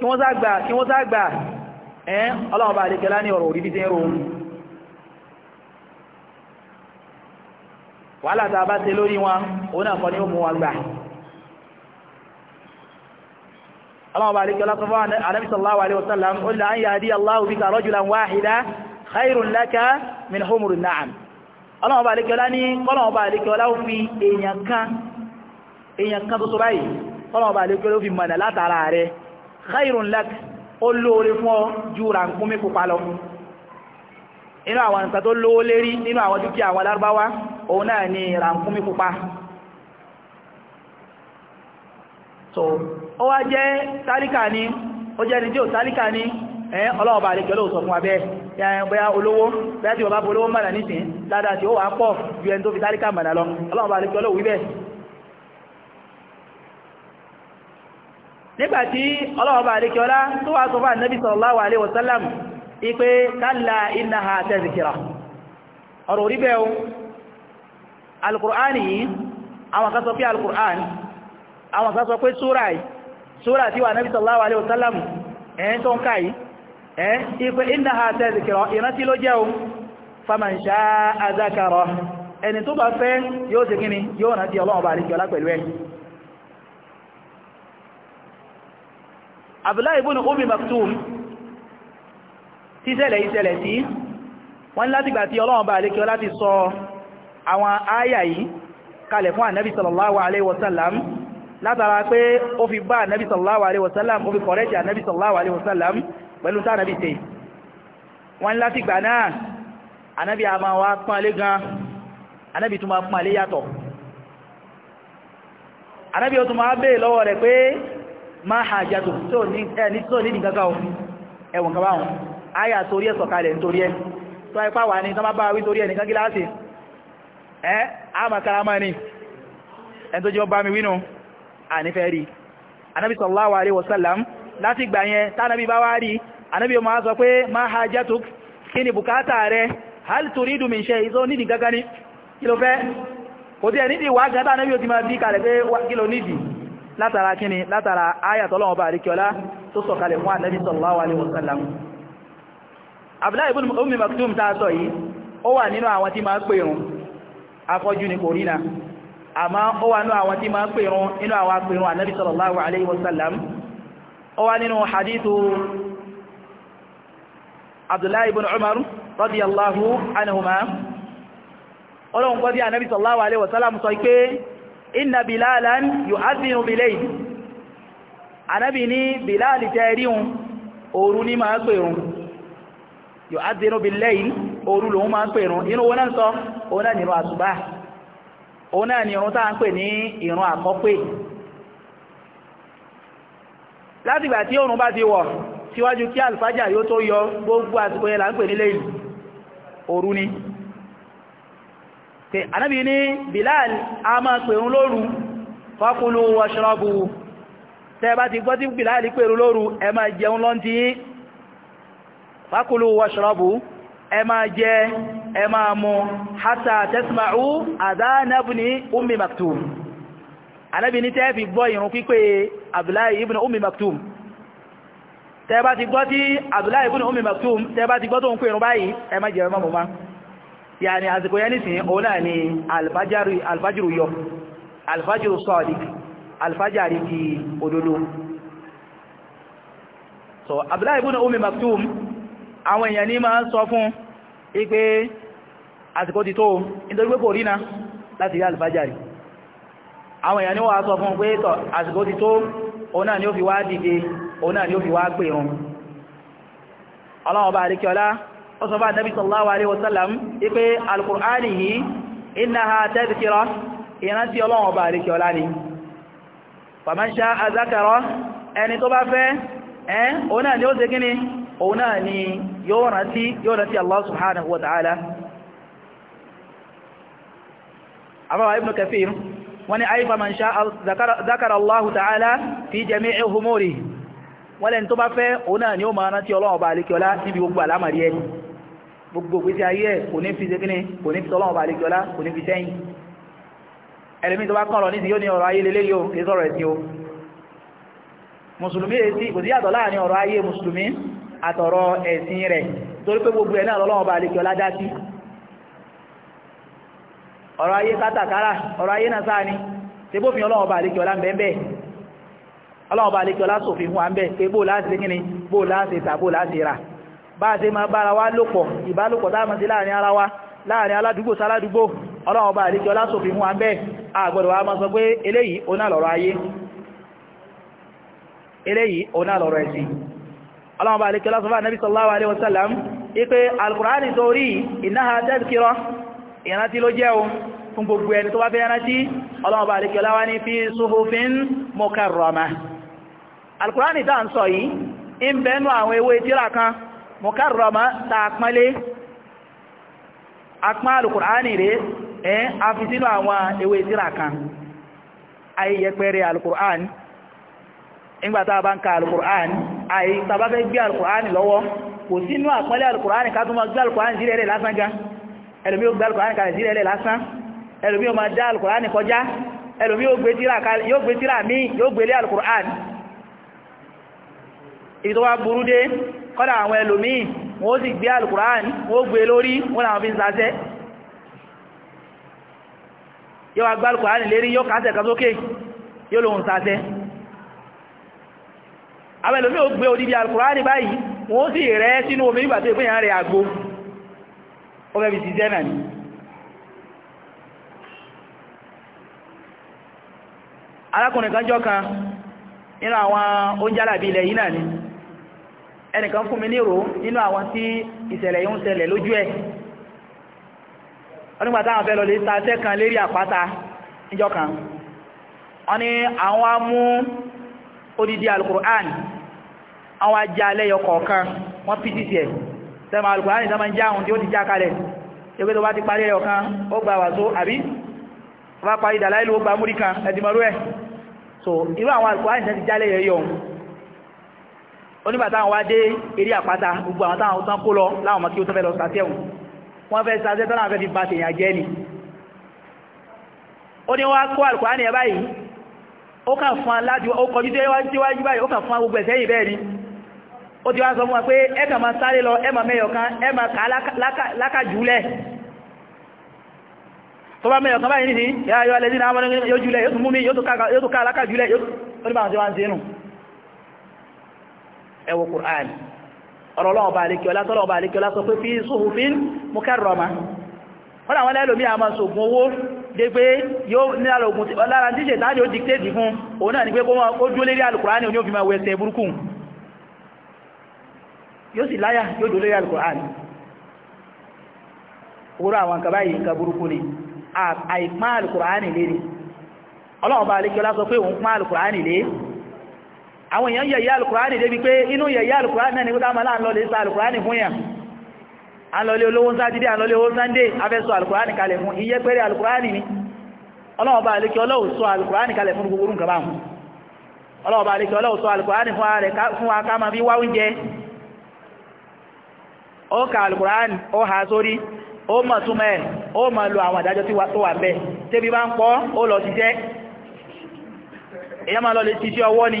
kí wọ́n sáàgbà kí wọ́n sáàgbà ẹ́ ọlọ́run bá àdékẹ́lá ní ọ̀rọ̀ òrí bí ti ń rohun wàhálà tá a bá ṣe lórí wọn òun náà kọ́ ni ó mú wa gbà ọlọ́run bá àdékẹ́lá tó fún Ànábì sallallahu alaihi wasallam ó lè an yahdi Allahu bika rajulan wahida khairun laka min humri na'am ọlọ́run bá àdékẹ́lá ní kọ́lọ́run bá àdékẹ́lá ó fi khairun lak ó lóore fún ọ ju ràǹkúnmí pupa lọ inú àwọn nǹkan tó lówó lérí nínú àwọn dúkìá àwọn lárúbáwá òun náà ni ràǹkúnmí pupa so ó wá jẹ́ tálíkà ni ó jẹ́ ni tí ó tálíkà ni ẹ̀yẹn ọlọ́ọ̀bà àríkẹ́ lóòsọ fún abẹ́ yàyàn bóyá olówó bóyá tí bàbá bolówó mọ̀nà nísìn ládàá tí ó wà pọ̀ ju ẹni tó fi tálíkà mọ̀nà lọ ọlọ́ọ̀bà àríkẹ́ lóòwí bẹ́ẹ̀ nígbàtí ọlọ́ọ̀bà àríkẹ́ọlá tó wá sọfà nẹ́bí sallallahu alaihi wasallam ipé kalla innaha tazkira ọ̀rọ̀ orí bẹ́ẹ̀ alkùránì yìí àwọn kan sọ pé alkùránì àwọn kan sọ pé súra yìí súra tí wà nẹ́bí sallallahu alaihi wasallam tó ń ká Abdullahi ibn Ummi Maktum tí ṣẹlẹ̀ ìṣẹlẹ̀ tí wọ́n láti gbà tí Ọlọ́run bá lékẹ́ láti sọ àwọn áyà yìí kalẹ̀ fún ànábì sallallahu alaihi wasallam látara pé ó fi bá ànábì sallallahu alaihi wasallam ó fi kọ̀rẹ́jì ànábì sallallahu alaihi wasallam pẹ̀lú tá ànábì tẹ̀ wọ́n láti gbà náà ànábì a máa wá pọ́n lé gan ànábì tún ma hajjatu tó ní ìgbàgbà ẹwọ̀n kaba wọn aya torí ẹ̀ sọ̀kalẹ̀ nítorí ẹ̀ tó ipá wà ní tọ́mọ́ bá wí torí ẹ̀ nìkan gíláàsì ẹ́ a makara mọ́ ní ẹn tó jẹ́ ọba mi wínú ànífẹ́ rí anábi sallallahu alaihi wasallam láti gbà yẹn tánàbí bá wá rí anábi o máa sọ pé ma hajjatuk kí ni bukata rẹ hal turidu min shay ìzó nídìí gangan ní kí ló fẹ́ kò tí ẹ̀ nídìí wá gan tánàbí o ti máa bí kalẹ̀ pé kí ló nídìí látara kíni látara ayatollah ọba àríkíọlá tó sọ̀kalẹ̀ fún ànábì sallallahu alaihi wasallam abdullahi ibn ummi maktum ta sọ yìí ó wà nínú àwọn tí ma ń pèrún afọ́jú ni kò rína àmá ó wà nínú àwọn tí ma ń pèrún inú àwọn apèrún ànábì sallallahu alaihi wasallam ó wà nínú hadithu abdullahi ibn umar radiyallahu anhuma ọlọ́run kọ́ sí ànábì sallallahu alaihi wasallam sọ pé inna bilalan yu'adhdhinu bilayl anabi ni bilal tariun òru ni ma perun yu'adhdhinu bilayl òru ló ma perun inú wona so ona ni ro àsùbá ona ni run ta npe ni ìrun àkọ́pẹ́ láti gbà tí òrùn bá ti wọ̀ síwájú kí alfaja yó tó yọ gbogbo àsìkò là ń pè ní layl òru ni anábi ní Bilal a máa pèrún lóru fakulu washrabu tẹ́ bá ti gbọ́ tí Bilal pèrún lóru ẹ máa jẹun lọ́ntí fakulu washrabu ẹ máa jẹ ẹ máa mu hatta tasma'u adánabni ummi maktum anábi ní tẹ́ fi gbọ́ ìrun pípé Abdullahi ibn ummi maktum tẹ́ bá ti yàní àsìkò yẹn nìsìn òun náà ni alfajiru yọ alfajiru sadiq alfajari ti òdodo so abdullahi ibn umi maktum àwọn èèyàn ní máa ń sọ fún ipé àsìkò ti tó nítorí kò rí náà láti rí alfajari àwọn èèyàn ní wà sọ fún pé tọ̀ àsìkò ti tó òun náà ni ó fi wá dìde òun náà ni ó fi wá pèrún ó sọ bá nabi sallallahu alaihi wasallam ipé alkùránì yìí innaha tadhkira ìrántí ọlọ́run ọba àríkẹ́ ọlá ni faman sha'a dhakara ẹni tó bá fẹ́ ẹ́ òun náà ni ó ṣe kíni òun náà ni yóò rántí yóò rántí Allah subhanahu wa ta'ala àbáwà ibn kafir wani aifa man sha zakara Allah ta'ala fi jami'i humuri wọ́n lẹ́ni tó bá fẹ́ òun náà ni ó máa rántí ọlọ́run ọba àlekíọlá níbi gbogbo àlámàrí ẹni gbogbo gbèsè ayé ẹ̀ kò ní fi ṣe kíni kò ní fi sọlọ́wọ́n bá àlejò ọlá kò ní fi sẹ́yìn ẹlẹ́mí tó bá kọ́ ọ̀rọ̀ ní ti yóò ní ọ̀rọ̀ ayé lélẹ́ yìí o kì í sọ̀rọ̀ ẹ̀sìn o mùsùlùmí èsì kò sí yàtọ̀ láàrin ọ̀rọ̀ ayé mùsùlùmí àtọ̀rọ̀ ẹ̀sìn rẹ̀ torí pé gbogbo ẹ̀ náà lọ́wọ́n bá àlejò ọlá dá ọ̀rọ̀ ayé kátàkárà ọ̀rọ̀ ayé náà sáà ni tebófin ọlọ́wọ́ bá àlejò ọlá ń bẹ́ẹ̀ bẹ́ẹ̀ ọlọ́wọ́ bá àlejò ọlá bá a ṣe máa bára wá lòpọ̀ ìbálòpọ̀ láàrin wa láàrin aládùúgbò sáládùúgbò ọlọ́wọ́ àríkẹ́ ọlásòfin mú abẹ́ àgbọ̀dọ̀ wa máa sọ pé eléyìí oná lọ̀rọ̀ ayé eléyìí oná lọ̀rọ̀ ẹ̀sìn ọlọ́wọ́ àríkẹ́ ọlásòfin nabi ipe àwọn ewé tíra mukarrama ta àpọ́nlé àpọ́n alùkùránì rẹ̀ ẹ́ a fi sínú àwọn ewé tíra kan ayẹyẹpẹrẹ alùkùránì ìgbàtà bá ń ka alùkùránì àyí tàbáfẹ́ gbé alùkùránì lọ́wọ́ kò sínú àpọ́nlé alùkùránì ká tún ma gbé alùkùránì sí rẹ̀ lásán gan ẹlòmí ó gbé alùkùránì kalẹ̀ sí rẹ̀ lásán ẹlòmí ó ma dá alùkùránì kọjá ẹlòmí ó gbé tíra mí yóò gbélé alùkùránì ìtọ́wà burú dé kọ́dà àwọn ẹlòmíì wọ́n sì gbé alukuran wọ́n gbé lórí wọ́n làwọn fi ń sasẹ́ yóò wá gbé alukuran lérí yóò kásẹ̀ kan sókè yóò lòun sasẹ́ àwọn ẹlòmíì ó gbé odidi alukuran báyìí wọ́n sì rẹ́ sínú omi nígbà tó ìpínyà ẹnìkan fún mi ní ìrò nínú àwọn tí ìṣẹ̀lẹ̀ yìí ń ṣẹlẹ̀ lójú ẹ̀ onígbà táwọn fẹ́ lọ lè ta iṣẹ́ kan lérí àpáta níjọ́ kan wọ́n ní àwọn á mú odidi alukur'an àwọn ajá alẹ́yọ kọ̀ọ̀kan wọ́n pdc ẹ̀ sẹ́mà alukur'an ìsẹ́mà ń já so irú àwọn alukur'an ìsẹ́ ti já alẹ́yọ yọ̀hún onígbà táwọn wá dé eré àpáta gbogbo àwọn táwọn tán kó lọ láwọn ọmọ kí ó tó fẹ́ lọ sàtẹ́wù wọ́n fẹ́ sàtẹ́ tán láwọn fẹ́ fi bá tèèyàn jẹ́ ni ó ní wá kó àlùkò ánìyàn báyìí ó kàn fún láti ó kọjú déwájú báyìí ó kàn fún gbogbo ẹ̀sẹ́yìn bẹ́ẹ̀ ni ó ti wá sọ fún wa pé ẹ kàn máa sáré lọ ẹ máa mẹ́yọ̀ kan ẹ máa kà lákàjúlẹ̀ tó bá mẹ́yọ̀ kan báyìí nìsín yóò jùlẹ̀ yóò tún mú mi yóò tún ká lákàjúlẹ̀ yóò tún bá wọn ti wá ń ṣe nù ẹ wo Qur'an ọ̀rọ̀ ọlọ́wọ́ bá alékẹ́ ọlá tọ́lọ́wọ́ bá alékẹ́ ọlá sọ pé fi suhufin mukarrama wọ́n àwọn ẹlòmí àmà sògùn owó dé pé yóò ní alògùn lára tí ṣe tàbí ó dìktéèdì fún òun náà ni pé ó dúó lérí alùkùránì oní òfin ma wẹ ẹsẹ̀ burúkú yóò sì láyà yóò dúó lérí alùkùránì orú àwọn nǹkan báyìí nǹkan burúkú ni àìpán alùkùránì lé ni ọlọ́wọ́ bá alékẹ́ ọlá sọ àwọn èèyàn yẹ̀yẹ́ alukurani débi pé inú yẹ̀yẹ́ alukurani náà ni kúta máa láàrín lọ́lẹ̀ ìsá alukurani fún yàn alọ́lẹ̀ olówó sátidé alọ́lẹ̀ owó sándé afẹ́sọ alukurani kalẹ̀ fún iye pẹ́rẹ́ alukurani ni ọlọ́ọ̀bá alẹ́kẹ́ ọlọ́ọ̀ sọ alukurani kalẹ̀ fún gbogbo nǹkan báhùn ọlọ́ọ̀bá alẹ́kẹ́ ọlọ́ọ̀ sọ alukurani fún wa ká máa fi wá oúnjẹ ó ka alukurani ó ha sórí ó mọ̀ túnmọ̀ ẹ̀ ó mọ̀ lo àwọn lọ lè ti ṣe ọwọ́ ni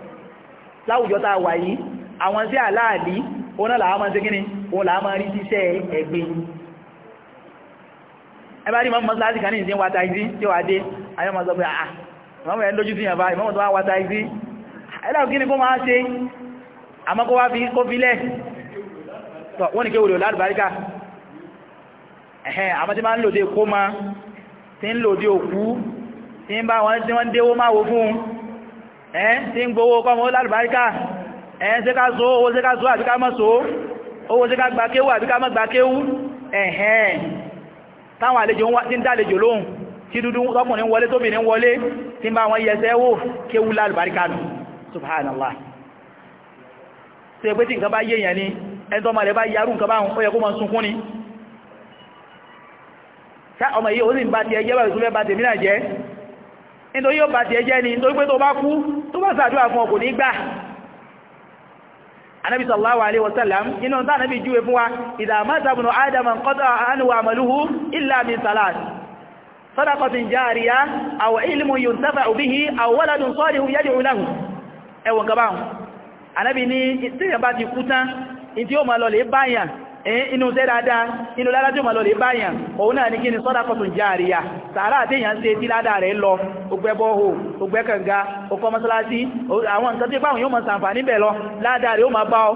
láwùjọ tá a wà yìí àwọn sí àláàlì oná làá máa ń ṣe kíni òun làá máa rí síṣẹ́ ẹ̀gbin ẹ bá rí mọ́ mọ́ láti kan ní ìsìn wata ìsìn tí wà dé ayọ́ àà ìmọ́mọ̀ ah, ẹ̀ lójú sí yàn ni kéwòrò lálùbáríkà ẹ̀hẹ́ àmọ́ tí máa ń lòdì kó máa tí ń lòdì òkú tí ń bá wọn tí wọ́n déwó ẹ́ tí ń gbowó kọmọ lálùbáríkà ẹ́ ṣe ká so owó ṣe ká so àbí ká mọ́ so owó ṣe ká gba kéwú àbí ká mọ́ gba kéwú ẹ̀hẹ́n táwọn àlejò tí ń dálejò lóhun tí dúdú tọkùnrin wọlé tóbìnrin wọlé tí ń bá wọn subhanallah tí ẹgbẹ́ tí nǹkan ni ẹni tọ́mọ rẹ̀ bá yarú nǹkan báhùn ó yẹ kó mọ́ sunkún ni ọmọ yìí ó nítorí yóò bá ti ẹjẹ́ ni nítorí pé tó bá kú tó bá sàdúrà fún ọkùn nígbà anábi sallallahu alaihi wasallam inú ta nábi júwe fún wa ìdàmáta bùnú adama kọ́tà àánúwà àmàlúhú illa min salat sadaqatin jariya aw ilmun yuntafa'u bihi aw waladun salihun yad'u lahu ẹwọ̀n gabaun anábi ni tí yẹn Eh, inú tẹ́ dáadáa inú ládá ma lọ lè báyàn òun náà ní kí ni sọ́dákọ̀tún jáàríyà sàárà àti èyàn tẹ́ tí ládá rẹ̀ lọ ògbẹ́ bọ́hù ògbẹ́ kànga òkọ́ mọ́sálásí àwọn nǹkan tí pàwọn yóò mọ̀ sàǹfàní bẹ̀ lọ ládá rẹ̀ ó ma bá ọ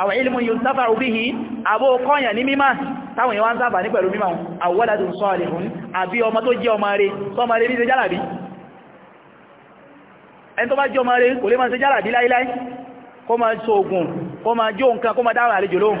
àwọn ilmu yóò sáfà bihi àbó kọ́yàn ní mímá táwọn èèyàn wá ń sáfà ní pẹ̀lú mímá àwọ́dàdùn salihun àbí ọmọ tó jẹ́ ọmọ rẹ̀ sọmọ rẹ̀ bí ṣe jálàbí ẹni tó bá jẹ́ ọmọ rẹ̀ kò lè máa ṣe jálàbí láíláí kó máa ṣoògùn kó máa jó nǹkan kó máa dáwà àlejò lóhun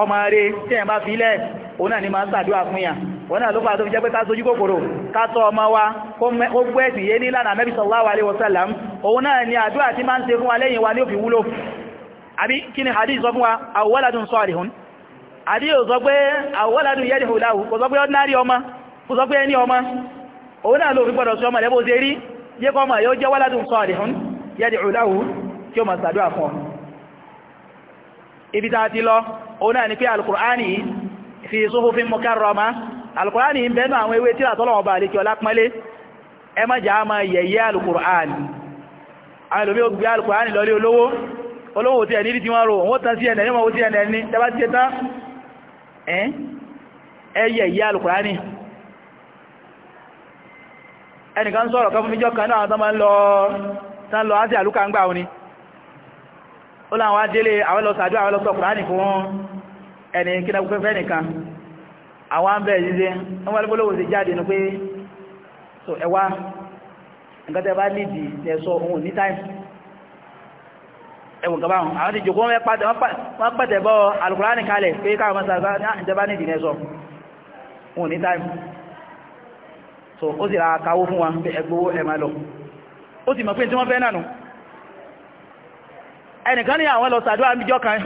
ọmọ rẹ̀ tí ẹ̀ bá filẹ̀ òun náà ni máa ń ṣàdúrà fún yà wọ́n náà ló fà tó fi jẹ́ pé ká sojú kòkòrò ká tọ́ ọmọ wa kó gbọ́ ẹ̀sìn yé ní ìlànà Ànábì sallallahu alaihi wasallam òun náà ni àdúrà tí máa ń ṣe fún wa lẹ́yìn wa ní òfin wúlò àbí kí ni hadith sọ fún wa aw waladun salihun àdí ò sọ pé aw waladun yad'u lahu kò sọ pé ordinary ọmọ ibi tá ti lọ òun náà ni pé alkùránì fi suhufin mukarrama alkùránì ń bẹ́nu àwọn ewé tíra tọ́lọ̀wọ̀n bá àlékí ọlá pọ́nlé ẹ má jà máa yẹ̀yẹ́ alkùránì àwọn ìlòmí ògbé alkùránì lọ́lé olówó olówó tí ẹni tí wọ́n rò wọ́n tán sí ẹ̀nà ní mọ̀wó sí ẹ̀nà ní tẹ́bá ti tán ẹ yẹ̀yẹ́ alkùránì ẹnìkan sọ̀rọ̀ kan fún mi jọ́ kan náà tán lọ á sí àlúkà ń gbà òní ó láwọn adélé àwọn lọ sàdúrà àwọn lọ́sọ̀ kùránì fún ẹni kíná pẹ́fẹ́ nìkan àwọn ń bẹ̀rẹ̀ jíze wọ́n wá lọ́wọ́ sí jáde ní pé so ẹwà nǹkan tẹ́ bá nídi ẹ̀sọ ohun ní táìmù ẹwùn gaba wọn àwọn ti jòkó wọ́n pẹ̀tẹ̀ bọ́ alùkùránì kalẹ̀ pé káwọn mọ́sàgbá ah, ní ẹnìkan ní àwọn lọ sàdúrà ń bíjọ́ kan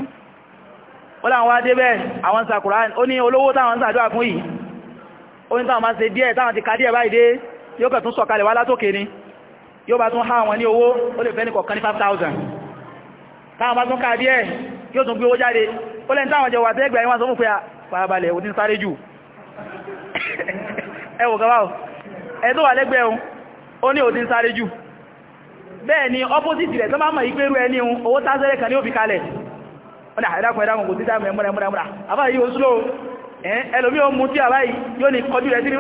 ó láwọn adé débẹ̀ àwọn sàkùrá ó ní olówó táwọn sàdúrà fún yìí ó ní táwọn máa se díẹ̀ táwọn ti ka díẹ̀ báyìí dé yóò kẹ̀ tún sọ̀kalẹ̀ wá ni yóò bá tún há wọn ní owó ó lè fẹ́ wọn bẹ́ẹ̀ ni opposite rẹ̀ tó máa mọ̀ ìpérú ẹni owó tásẹ́rẹ̀ kan ní òfi kalẹ̀ ah, ọ̀nà ẹ̀dàkùn ẹ̀dàkùn kò títà mẹ́mọ́ra mọ́ra àbá yíò slow ẹlòmí mú tí àbá yóò ní kọjú rẹ̀ sí ní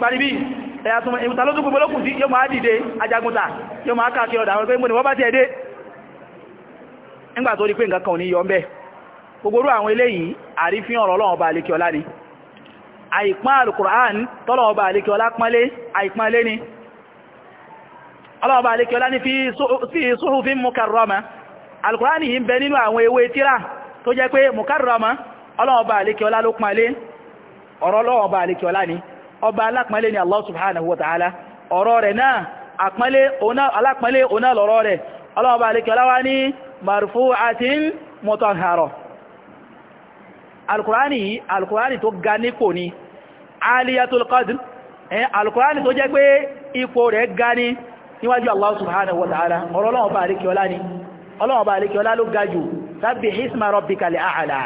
báyìí ọlọ́ọ̀bá alékiọlá ní fi suhufin mukarrama alkùránì yìí ń bẹ nínú àwọn ewé tíra tó jẹ́ pé mukarrama ọlọ́ọ̀bá alékiọlá ló pàálé ọ̀rọ̀ ọlọ́ọ̀bá alékiọlá ni ọba alápàálé ni Allah subhanahu wa ta'ala ọ̀rọ̀ rẹ̀ náà alápàálé oná lọ́rọ̀ rẹ̀ ọlọ́ọ̀bá alékiọlá wá ní marfu'atin mutahhara alkùránì alkùránì tó ga aliyatul qadr alkùránì tó jẹ́ pé ipò rẹ̀ ga ni níwájú Allah subhanahu wa ta'ala ọ̀rọ̀ ọlọ́wọ́ bá àríkẹ́ ọlá ni ọlọ́wọ́ bá àríkẹ́ ọlá ló gajù sábì hisma rabbikal a'la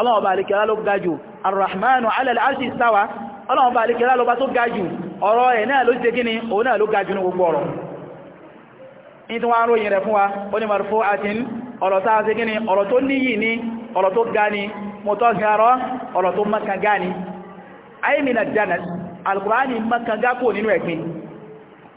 ọlọ́wọ́ bá àríkẹ́ ọlá ló gajù arrahmanu ala al-arshi istawa ọlọ́wọ́ bá àríkẹ́ ọlá ló bá tó gajù ọ̀rọ̀ ẹ̀ náà ló ṣe gíní òun náà ló gajù ní gbogbo ọ̀rọ̀ in tí wọ́n ròyìn rẹ̀ fún wa ó ní marfu'atin ọ̀rọ̀ sáà ṣe gíní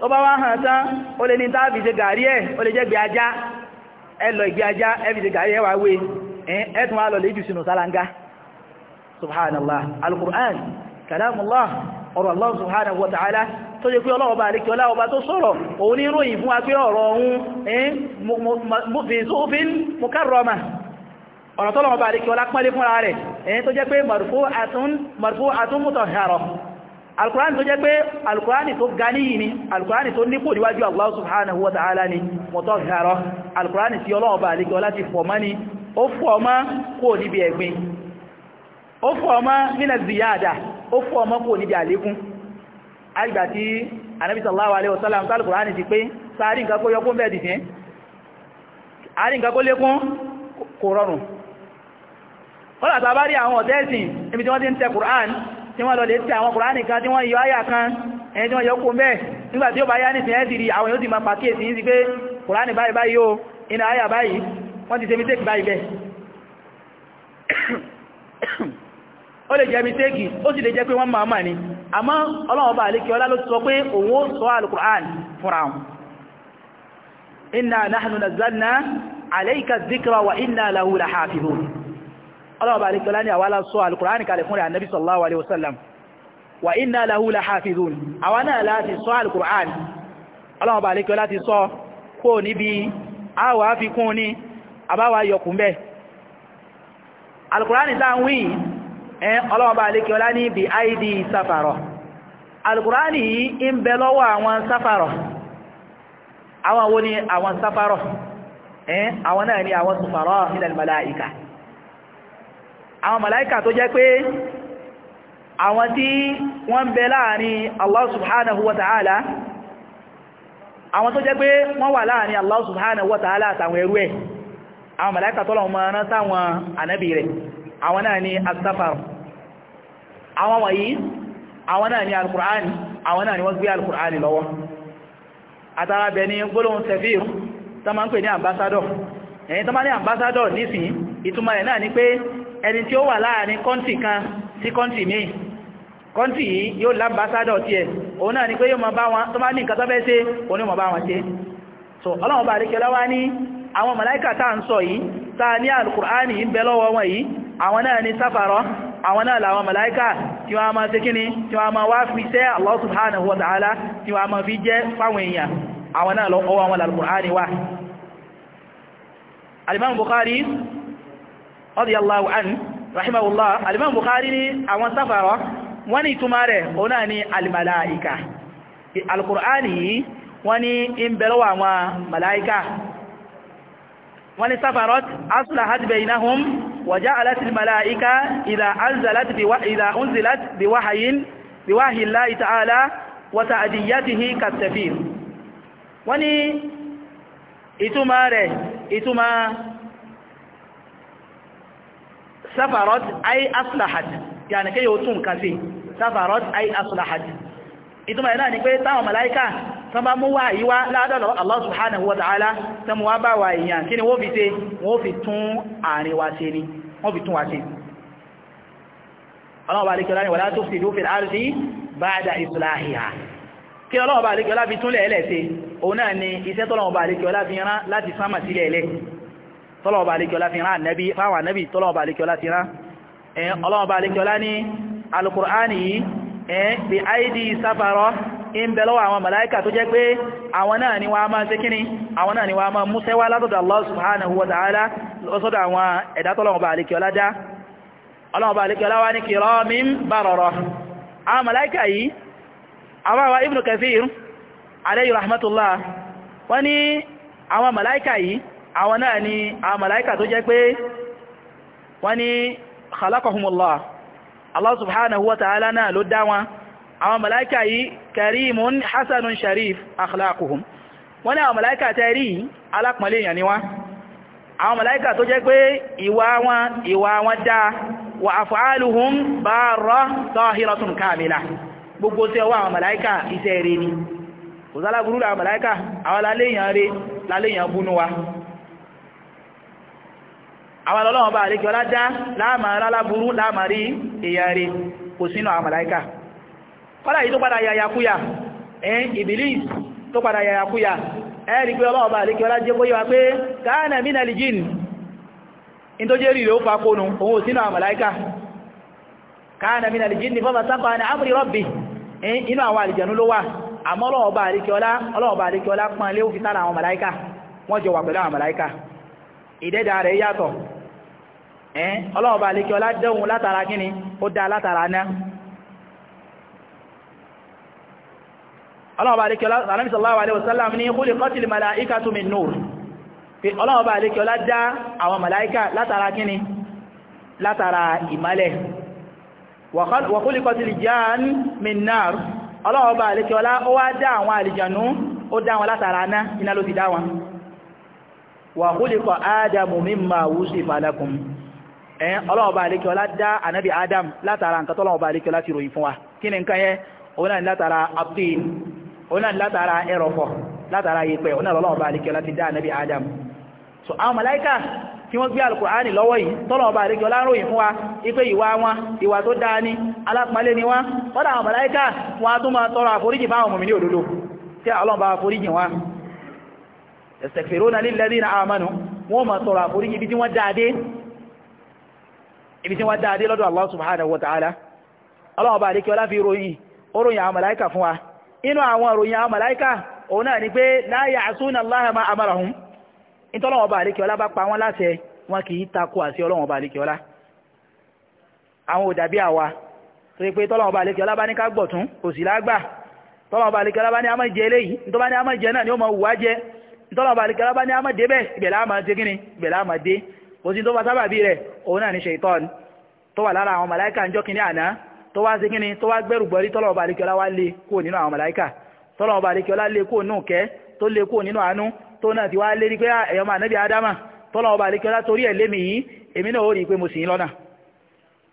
tó bá wá hàn tán ó lè ní táàbì ṣe gàrí ẹ̀ ó lè jẹ́ gbé ajá ẹ lọ ìgbé ajá ẹbí ṣe gàrí ẹwà wé ẹ tún wá lọ lè jù sínú sálángá subhanallah al-Qur'an kalamullah ọ̀rọ̀ Allah subhanahu wa ta'ala tó jẹ́ pé ọlọ́ọ̀bá àríkẹ́ ọláọba tó sọ̀rọ̀ òun ní ròyìn fún wa pé ọ̀rọ̀ ohun fi sófin mukarrama ọ̀rọ̀ tọ́lọ̀ọba àríkẹ́ ọlá pọ́nlé fúnra rẹ̀ èyí tó jẹ́ pé marfu'atun mutahhara alkùránì tó jẹ́ pé alkùránì tó gani yìí ni alkùránì tó nípò níwájú Allah subhanahu wa ta'ala ni mọ̀tọ́ ìhàrọ alkùránì tí ọlọ́wọ́ bá alìkọ́ láti fọ̀mọ́ ni ó fọ̀mọ́ kò níbi ẹ̀gbin ó fọ̀mọ́ nínà ziyada ó fọ̀mọ́ kò níbi àlékún agbàtí Ànábì sallallahu alaihi wasallam alkùránì ti pé sáàrí nǹkan kó yọkún bẹ́ẹ̀ dìtẹ́ tí wọ́n lọ lè tí àwọn kùránì kan tí wọ́n yọ áyà kan ẹni tí wọ́n yọ kó mẹ́ nígbàtí ó bá yá ẹ́dìrí àwọn yóò ti ma pàkíyèsí ní pé báyìí báyìí o iná áyà báyìí wọ́n ti ṣe mistake báyìí bẹ́ ó lè jẹ́ mistake ó sì lè jẹ́ pé wọ́n máa mà ní àmọ́ ọlọ́run ọlọ́ọ̀bà alìkọlá ní àwálá sọ alìkùránì kalẹ̀ fún rẹ̀ annabi sallallahu alaihi wasallam wa inna lahu la hafizun àwa náà láti sọ alìkùránì ọlọ́ọ̀bà alìkọlá ti sọ kó níbi àwà fi kún ní àbáwà yọkùn bẹ́ alìkùránì tá ń wí ọlọ́ọ̀bà alìkọlá ní bí aidi sáfàrọ̀ alìkùránì yìí ń bẹ lọ́wọ́ àwọn wo ni àwọn sáfàrọ̀ àwọn náà ni àwọn sáfàrọ̀ ilal malaika àwọn màláíkà tó jẹ́ pé àwọn tí wọ́n ń bẹ láàrin Allah subhanahu wa ta'ala àwọn tó jẹ́ pé wọ́n wà láàrin Allah subhanahu wa ta'ala àtàwọn ẹrú ẹ̀ àwọn màláíkà tọ́lọ̀ máa rán sáwọn ànábì rẹ̀ àwọn náà ni astafar àwọn wọ̀nyí àwọn náà ni alkùránì àwọn náà ambassador ẹ̀yìn tó ambassador nísìn ìtumọ̀ rẹ̀ náà ni pé ẹni tí ó wà láàrin kọ́ntì kan sí kọ́ntì míì kọ́ntì yìí yóò lábàásádọ̀ tí ẹ̀ òun náà ni pé yóò mọ bá wọn tó bá ní nǹkan tó ṣe òun yóò mọ bá wọn ṣe so ọlọ́run bá rí kẹlọ́wá ní àwọn màláíkà tá ń sọ yìí tá ní alkùránì ń bẹ lọ́wọ́ wọn yìí àwọn náà ni sáfàrọ́ àwọn náà làwọn màláíkà tí wọ́n máa ṣe kíni tí wọ́n máa wá fi iṣẹ́ Allah subhanahu wa ta'ala tí wọ́n máa fi jẹ́ fáwọn èèyàn àwọn náà lọ́wọ́ wọn alkùránì wà Al-Imam radiyallahu anhu rahimahullah alimam bukhari ni àwọn sáfàrọ wọ́n ní ìtumá rẹ̀ òun náà ni alìmàláìka alkùránì yìí wọ́n ní in bẹ̀rọ̀wà àwọn màláìka wọ́n ní sáfàrọ asùlá hajjibẹ ináhùn wàjá alátìmàláìka ìlà unzilat biwáhìlá ìtààlá wata àdìyàtìhì kàtàfíì wọ́n ní ìtumá rẹ̀ ìtumá safarat ay aslahat yàní kí yóò tún nǹkan sí safarat ay aslahat ìtumọ̀ ìlànà ni pé táwọn màláíkà tán bá mú wá àyíwá ládọ́lọ́ Allah subhanahu wa ta'ala tán mú wá bá wà èèyàn kí ni wọ́n fi ṣe wọ́n fi tún àárín wa ṣe ni wọ́n fi tún wa ṣe ọlọ́wọ́ àríkẹ́lá ni wala tufsidu fil ardi ba'da islahiha kí ọlọ́wọ́ àríkẹ́lá fi tún lẹ̀ẹ́lẹ̀ ṣe òun náà ni iṣẹ́ tọ́lọ́wọ́ àríkẹ́lá fi rán láti sánmà sílẹ̀ ẹlẹ́ tọ́lọ̀ọ̀bà alékiọlá fi rán ànẹ́bí fáwọn ànẹ́bí tọ́lọ̀ọ̀bà alékiọlá ti rán ọlọ́ọ̀bà alékiọlá ní alukùránì yìí bí àìdí sáfàrọ́ in bẹ lọ́wọ́ àwọn màláíkà tó jẹ́ pé àwọn náà ni wọ́n máa ṣe kíni àwọn náà ni wọ́n máa mú sẹ́wà látọ̀dọ̀ Allah subhanahu wa ta'ala lọ́sọ́dọ̀ àwọn ẹ̀dá tọ́lọ̀ọ̀bà alékiọlá dá ọlọ́ọ̀bà alékiọlá wá ní kiramin barara Ibn Kathir alayhi rahmatullah wọ́n ní àwọn màláíkà àwọn náà ni àwọn màláíkà tó jẹ́ pé wọ́n ni khalaqahumullah Allah subhanahu wa ta'ala náà ló dá wọn àwọn màláíkà yìí karimun hasanun sharif akhlaquhum wọ́n ni àwọn màláíkà tẹ́ rí alápọ̀lẹ̀ èèyàn ni àwọn màláíkà tó jẹ́ pé ìwà wọn ìwà wọn dá àwọn ọlọ́wọ́n bá àríkẹ́ ọlá dá láàmà aláburú láàmà rí èyà rí kò sínú àwọn màláíkà kọ́lá yìí tó padà yàyàkúyà ẹ̀yìn Ìbílísì tó padà yàyàkúyà ẹ̀rí pé ọlọ́wọ́n bá àríkẹ́ ọlá jẹ́ bóyí wa pé káànà mí nàìjírín in tó jẹ́ amri rabbi inú àwọn àlìjẹ̀nú ló wà àmọ́ ọlọ́wọ́n bá àríkẹ́ ọlá pọ́n lé ó fi sára àwọn màláíkà wọ́n jọ wà pẹ̀lú àwọn ìdẹ́dà rẹ̀ yàtọ̀ ẹ́ ọlọ́run bá lékẹ́ ọlá dẹ́hùn látara gíní ó dá látara ná ọlọ́run bá lékẹ́ ọlá Ànábì sallallahu alaihi wasallam ní khuliqatil malaikatu min nur pé ọlọ́run bá lékẹ́ ọlá dá àwọn màláíkà látara gíní látara ìmálẹ̀ wa khuliqatil jinnu min nar ọlọ́run bá lékẹ́ ọlá ó wá dá àwọn àlìjànú ó dá ẹ̀yẹn eh, ọlọ́ọ̀bá alékẹ́ọlá dá ànábì adam látara nǹkan tọ́lọ́ọ̀bá alékẹ́ọlá ti ròyìn fún wa kí ni nǹkan yẹn òun náà látara abdin òun náà látara ẹrọ̀fọ̀ látara yẹpẹ̀ òun náà lọ́ọ̀bá alékẹ́ọlá ti dá ànábì adam so àwọn màláíkà tí wọ́n gbé alùkùránì lọ́wọ́ yìí tọ́lọ̀ọ̀bá àríkọlá ròyìn fún wa ipé ìwà wọn ìwà tó dáa ní alápàálé ni wọ́n wọ́n àwọn màláíkà wọ́n a tún máa tọrọ àforíjì fáwọn mùmínì òdodo tí ọlọ́ọ̀bá àforíjì wọn àforíjì bí tí wọ́n dáadé ibi tí wọ́n dáadé lọ́dọ̀ Allah subhanahu wa ta'ala ọlọ́wọ́ bá dékẹ́ ọlá fi ròyìn ó ròyìn àwọn màláíkà fún wa inú àwọn ròyìn àwọn O òun náà ni pé la ya'suna Allaha ma Amarahu. ìtọ́lọ́wọ́ bá dékẹ́ ọlá bá pa wọ́n láṣẹ wọn kì í takò àṣẹ ọlọ́wọ́ bá dékẹ́ ọlá ka ozi sí tó bá sábàbí rẹ̀ òun náà ní ṣèitọ́n tó wà lára àwọn màláìkà ń jọ́ kínní àná tó wá sí kínní tó wá gbẹ̀rù gbọ́rí tọ́lọ̀ ọba àríkíọ́lá wá lé kúrò nínú àwọn màláìkà tọ́lọ̀ ọba àríkíọ́lá lé kúrò nínú kẹ́ tó lé kúrò nínú àánú tó ti wá lé ní pé ah, ẹ̀yọ́mọ ànábì ádámà tọ́lọ̀ ọba àríkíọ́lá torí ẹ̀ lémi yìí èmi náà ó rí i pé mo sì ń lọ́nà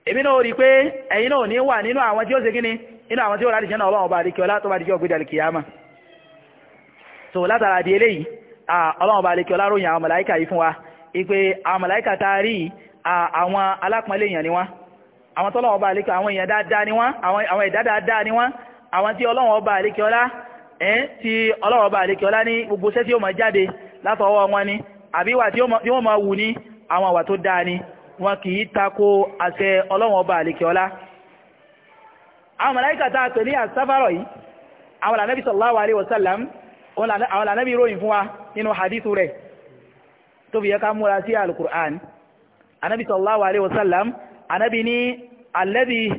èmi náà ó rí i pé ẹ̀yin náà ní wà nínú àwọn tí ó so látara di eléyìí ah, ọlọ́run ìpè àwọn màláìkà tá a rí àwọn alápọ̀nlé èèyàn ni wọ́n àwọn tọ́lọ́wọ́ ọba àlékè àwọn èèyàn dáadáa ni wọ́n àwọn ẹ̀dá dáadáa ni wọ́n àwọn tí ọlọ́wọ́ ọba àlékè ọlá ẹ̀ tí ọlọ́wọ́ ọba àlékè ọlá ní gbogbo iṣẹ́ tí ó máa jáde látọwọ́ wọn ni àbí ìwà tí wọ́n máa wù ní àwọn àwà tó dáa ni wọn kì í tako àṣẹ ọlọ́wọ́ ọba àlékè ọlá àwọn màláìkà tá a pè ní àsáfàrọ̀ yìí àwọn lànàbí alaihi wasallam àwọn lànàbí ròyìn fún wa nínú tó fi yẹ ká múra sí alukur'an anabi sallallahu alaihi wasallam anabi ni alladhi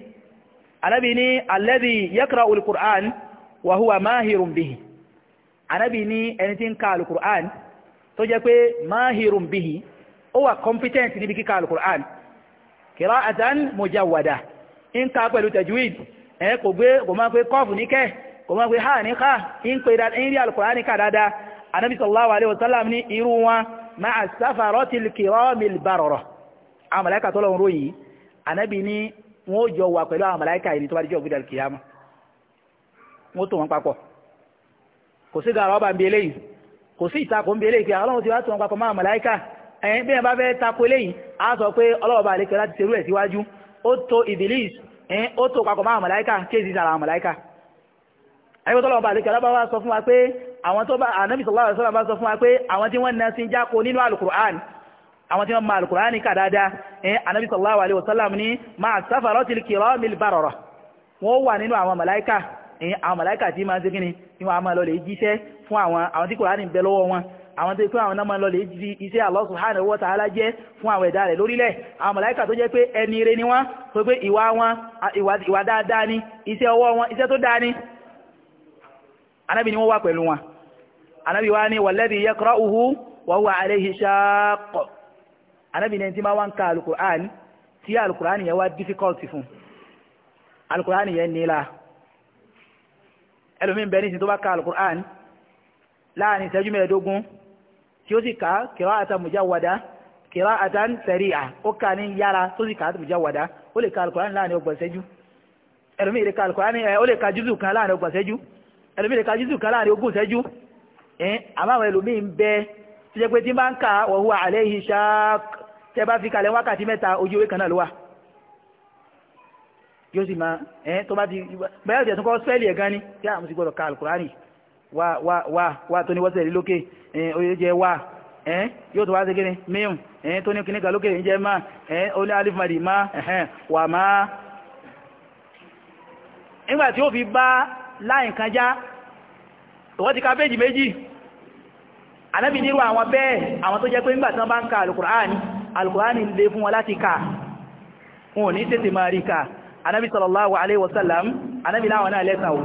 anabi ni alladhi yaqra'u alukur'an wa huwa mahirun bihi anabi ni ẹni tí ń ka alukur'an tó jẹ́ pé mahirun bihi ó wà competent níbi kíka alukur'an qira'atan mujawwada ń ka pẹ̀lú tajwid ẹ̀ kò gbé kò máa pé kọ́ọ̀fù níkẹ́ kò máa pé ha ní ká ń rí alukur'an ní ká dáadáa anabi sallallahu alaihi wasallam ni irú wọn ma'a safaratil kiramil barara àwọn màláíkà tó lọ́wọ́ ròyìn ànábì ní wọ́n jọ wà pẹ̀lú àwọn màláíkà yìí tó bá dijọ́ gbídà kìyàmù wọ́n tó wọn papọ̀ kò sí gàrọ́ bá ń bi eléyìí kò sí ìtakò ń bi eléyìí kí ọlọ́run ti wá tó wọn papọ̀ máa màláíkà ẹ̀yìn bí ẹ bá fẹ́ tako eléyìí á sọ pé ọlọ́run bá àlekẹ́ láti ṣerú ẹ̀ síwájú ó tó Ìbílísì ó tó papọ̀ máa màláíkà kéèsì sára àwọn ayébọ́tọ́lọ́ ọba àlekẹ́ ọlọ́ba wa sọ fún wa pé àwọn tó bá ànábì sallallahu alaihi wasallam bá sọ fún wa pé àwọn tí wọ́n na sí jáko nínú alukur'an àwọn tí wọ́n ma alukur'an kà dáadáa ẹ̀yìn ànábì sallallahu alaihi wasallam ní ma safaratil kiramil barara wọ́n wà nínú àwọn màláíkà ẹ̀yìn àwọn màláíkà tí máa ń segin ni wọ́n a máa lọ lè jíṣẹ́ fún àwọn àwọn tí kùránì ń bẹ lọ́wọ́ wọn àwọn tó pé àwọn náà lọ lè jí iṣẹ́ Allah subhanahu wa ta'ala jẹ́ fún àwọn ẹ̀dá rẹ̀ lórílẹ̀ àwọn màláíkà tó jẹ́ pé ẹni ire ni wọ́n tó pé ìwà dáadáa ni iṣẹ́ ọwọ́ wọn iṣẹ́ tó dáa ni anábì ni wọ́n wà pẹ̀lú wọn anábì wá ní walladhi yaqra'uhu wa huwa alayhi shaqq anábì ní ẹni tí máa wá ń ka alukur'an tí alukur'an yẹn wá difficult fún alukur'an yẹn nílá ẹlòmíín bẹ́ẹ̀ nísìnyí tó bá ka alukur'an láàrin ìṣẹ́jú mẹ́ẹ̀ẹ́dógún tí ó sì ka qira'atan mujawwada qira'atan sari'a ó ka ní yára tó sì ka mujawwada ó lè ka alukur'an láàrin ọgbọ̀n ìṣẹ́jú ẹlòmíín ó lè ka jùzù kan láàrin ọgbọ̀n ìṣẹ́jú ẹlòmíì lè ka jùsù kan láàrin ogún ìṣẹ́jú ẹ̀ àbáwọn ẹlòmíì ń bẹ tí jẹ́ pé tí bá ń kà wa huwa alayhi shaq tẹ́ bá fi kalẹ̀ wákàtí mẹ́ta ojú ewé kan náà ló wà yóò sì máa ẹ̀ tó bá ti báyọ̀ ìjẹ̀ tó kọ́ sẹ́ẹ̀lì ẹ̀gán ni kí àwọn sì gbọ́dọ̀ ka alukurani wá wá wá wá tó ní wọ́sẹ̀ lókè ẹ̀ oyè jẹ́ wá ẹ̀ yóò tó wá sí ni mímu ẹ̀ tó ní kíníkà lókè ń nígbà tí ó fi bá láì kan já ìwọ́n ti ka péjì méjì anábì nírú àwọn bẹ́ẹ̀ àwọn tó jẹ́ pé nígbà wọ́n bá ń ka alukur'ani alukur'ani lè fún wọn láti ka wọn ò ní tètè máa rí ka anábì sallallahu alaihi wasallam anábì láwọn náà lẹ́sàn wò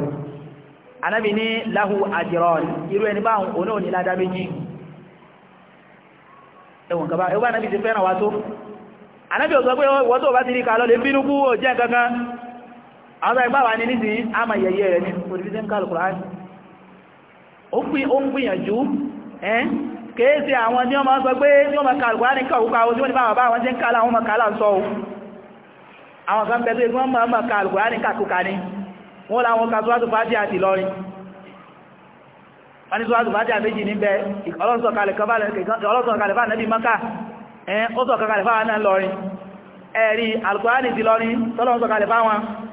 lahu ajiran irú ẹni báwọn òun náà ní ládá méjì ẹwọ̀n kaba ẹwọ́n anábì ti fẹ́ràn wa tó anábì ò sọ pé wọ́n àwọn ẹgbàwà ní nísìnyí a máa yẹ̀yẹ́ rẹ̀ ní òdìbíṣẹ́ ń ká Al-Qur'an ó ń gbìyànjú ẹ́n kéèsì àwọn ní ọmọ sọ pé ní ọmọ ká Al-Qur'an ní kàwùká o tí wọ́n ni bá wọn tí ń kálà àwọn mọ̀kálà ń sọ o àwọn kan bẹ̀rẹ̀ tí wọ́n mọ̀ ká Al-Qur'an ní kàkùká ni wọ́n láwọn ka Suratul Fatiha àti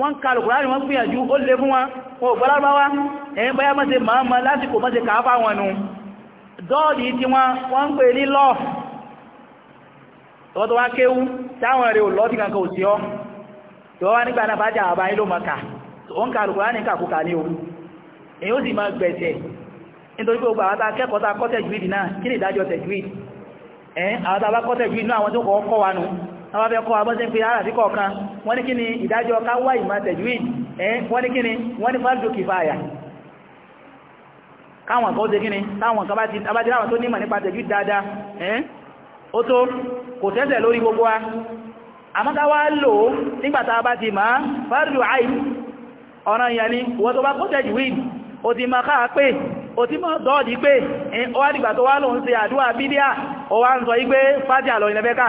wọ́n ka Al-Kùránì wọ́n gbìyànjú ó lè fún wọn wọn ò gbọ́lá wá ẹ̀yìn báyá mọ́sẹ̀ máa mọ́ lásìkò wọn nù dọ́ọ̀dì tí wọ́n ń pè ní lọ́ọ̀ tọ́wọ́ wá kéwú táwọn rẹ̀ kankan ọ́ wá nígbà náà àbá kàkúkà ní o èyí ó sì máa gbẹ̀sẹ̀ nítorí pé gbogbo àwọn tá àwọn abẹ́kọ́ abọ́sẹ́ pé ara àdíkọ̀ kan wọ́n ní kí ni ìdájọ́ ká wá ìmọ̀ tajwid wọ́n ní kí ni wọ́n ní fardu kifaya káwọn kan ó ṣe kí ni táwọn kan bá ti ráwọn tó nímọ̀ nípa tajwid dáadáa ó tó kò tẹ́sẹ̀ lórí gbogbo wa àmọ́káwá lò nígbàtà bá ti máa fardu ayn ọ̀ràn ìyà ni wọ́n tó bá kó tajwid ó ti máa káà pé ó ti mọ́ dọ́ọ̀dí pé ó wá tó wá lòun ṣe àdúrà bídíà ó wá ń sọ yí pé fájà lọ ilẹ̀bẹ́ká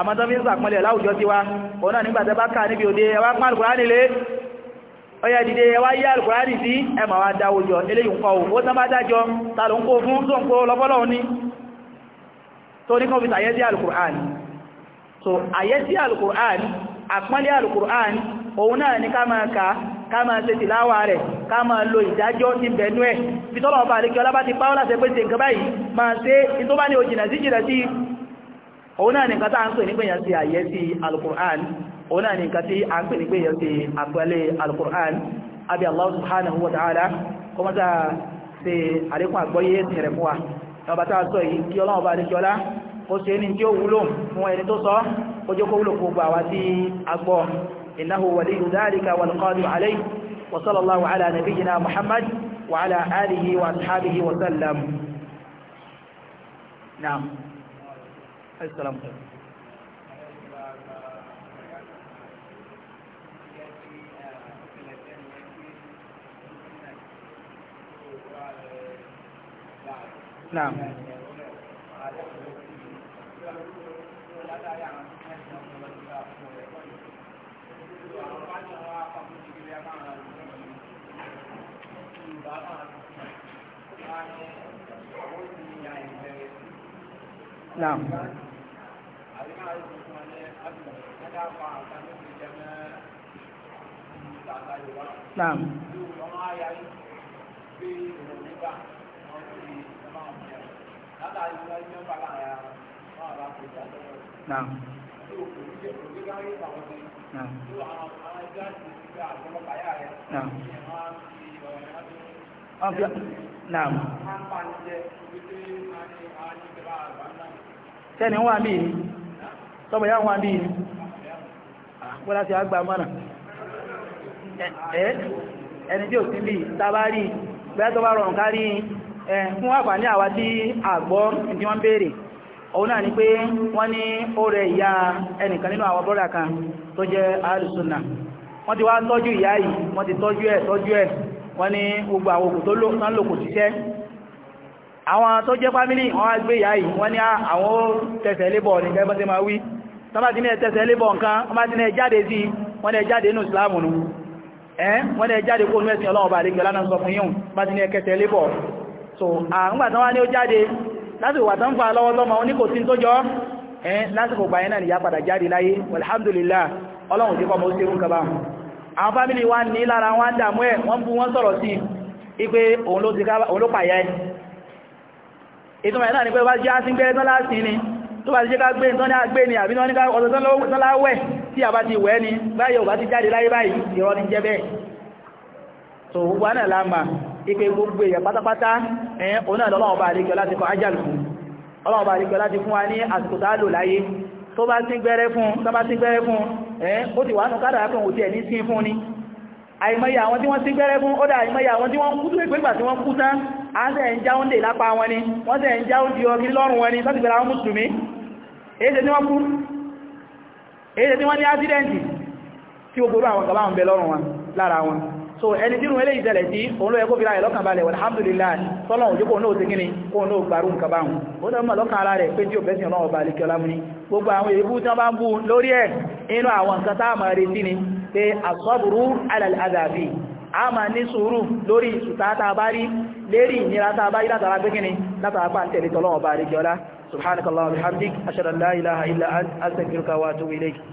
àmọ́ tó fi ń sàpọ́nlẹ̀ láwùjọ tiwa òun náà nígbàtẹ́ bá kà níbi òde ẹwà pán alùkùránì lé ọya dìde ẹwà yí alùkùránì sí ẹmà wa dá ojọ eléyìí nǹkan so ayé sí alùkùránì àpọ́nlé alùkùránì òun náà ní ká máa ka ká máa ṣe tìláwà rẹ̀ ká máa lo ìdájọ́ ti bẹ̀nú ẹ̀ fi tọ́lọ̀ ọba àríkẹ́ ọlábá ti pàwọ́lá ṣe pé ṣe nǹkan báyìí máa ṣe ìtọ́bá ní òjìnà sí jìnà sí òun náà nìkan tí a ń pè nígbèyàn sí àyẹ́ sí alukur'an òun náà nìkan tí a ń pè nígbèyàn sí àpẹẹlẹ̀ alukur'an abi Allah subhanahu wa ta'ala kọmọ tá a ṣe àlékún àgbọ́yé sí rẹ̀ fún wa ọba tá a sọ yìí kí ọlọ́run bá ní kí ọlá ó ṣe ní tí ó wúlò fún ẹni tó sọ ó jẹ́ kó wúlò gbogbo àwa tí a gbọ́ innahu waliyu dhalika wal qadiru alayhi wa sallallahu nabiyyina muhammad wa alihi wa ashabihi wa sallam na'am السلام عليكم نعم نعم Naam. Naam. Naam. Naam. Sẹ́ni wà mí ni tọ́mọ̀ yá wọn bí i wọ́n láti àgbà mọ́nà ẹni tí ò sí bí tàbárí bẹ́ẹ̀ tó bá rọrùn kárí fún àpà ní àwá tí àgbọ́ tí wọ́n béèrè òun náà ni pé wọ́n ní ó rẹ ìyá ẹnìkan nínú àwọn bọ́dà kan tó jẹ́ alùsùnà wọ́n ti wá tọ́jú ìyá yìí wọ́n ti tọ́jú ẹ̀ tọ́jú ẹ̀ wọ́n ní gbogbo àwọn òkú tó lòkù síṣẹ́ àwọn tó jẹ́ fámílì wọ́n á gbé ìyá yìí wọ́n ní ah, àwọn tẹ̀sẹ̀ lébọ̀ ní gẹ́gbọ́n tí máa wí tọ́bá ti ní ẹ̀tẹ́sẹ̀ lébọ̀ nǹkan ọmọ ti ní ẹjáde sí wọ́n ní ẹjáde inú ìsìláàmù nù ẹ́ wọ́n ní ẹjáde kó núẹ̀sìn ọlọ́ọ̀bà àrígbẹ̀ lánàá sọ fún yíò bá ti ní ẹkẹsẹ̀ lébọ̀ so àǹgbàtán wá ní ó jáde lásìkò wà tán fa lọ́wọ́ lọ́mọ oníkò tí tó jọ ẹ́ lásìkò gbà yẹn náà nìyá padà jáde láyé alhamdulillah ọlọ́run ti kọmọ oṣèrún kaba àwọn fámílì wa ní lára wọn ń dàmú ẹ̀ wọ́n bú wọ́n sọ̀rọ̀ sí ipé òun ló pàyà ẹ̀ ìtumọ̀ ẹ̀ náà ni pé bá jẹ́ á sí gbẹ́rẹ́ tán láti ní tó bá ti jẹ́ ká gbé ní tọ́ní àgbé ni àbí tọ́ní ọ̀sọ̀ tọ́láwẹ̀ tí a bá ti wẹ́ ni báyìí ò bá ti jáde láyé báyìí ìrọ́ ni jẹ́ bẹ́ẹ̀ tó wà náà láàmà ipe gbogbo èèyàn pátápátá ẹ̀yẹn òun náà lọ́wọ́ bá àríkẹ́ láti kọ ájàlù fún ọlọ́wọ́ bá àríkẹ́ láti fún wa ní àsìkò tá lò láyé tó bá sí gbẹ́rẹ́ fún tó bá sí gbẹ́rẹ́ fún ẹ̀yẹn ó ti wà nù kádàá fún òun ti ẹ̀ ní sí fún ni àìmọye àwọn tí wọ́n sí gbẹ́rẹ́ fún ó dà àìmọye àwọn tí wọ́n kú tó ìpégbà tí wọ́n kú tán a ń sẹ́ ń já oúnjẹ lápá wọn ni wọ́n sẹ́ ń já oúnjẹ ọkì lọ́rùn wọn ni láti gbẹ̀rẹ̀ àwọn mùsùlùmí èyí tí wọ́n kú èyí tí wọ́n ní ásídẹ́ǹtì tí ó àwọn so ẹni tí ìrùn eléyìí tẹ̀lẹ̀ tí òun ló ẹkó fi láyẹ̀ lọ́kàn balẹ̀ alhamdulillah tọ́lọ̀ òjò kò náà tẹ́kíní kò náà gbàrú nǹkan bá wọn ó náà mọ̀ lọ́kàn ara rẹ̀ pé tí ò bẹ́sìn pé àsọ́bùrú alàlàdàbí a máa ní sùúrù lórí ìsùtátà bá rí lérí ìnira tàà bá rí látara pé kíni látara pà ń tẹ̀lé tọ́lọ́wọ̀ bá rí jọlá subhanakallahumma wa ilaha illa anta wa atubu ilayk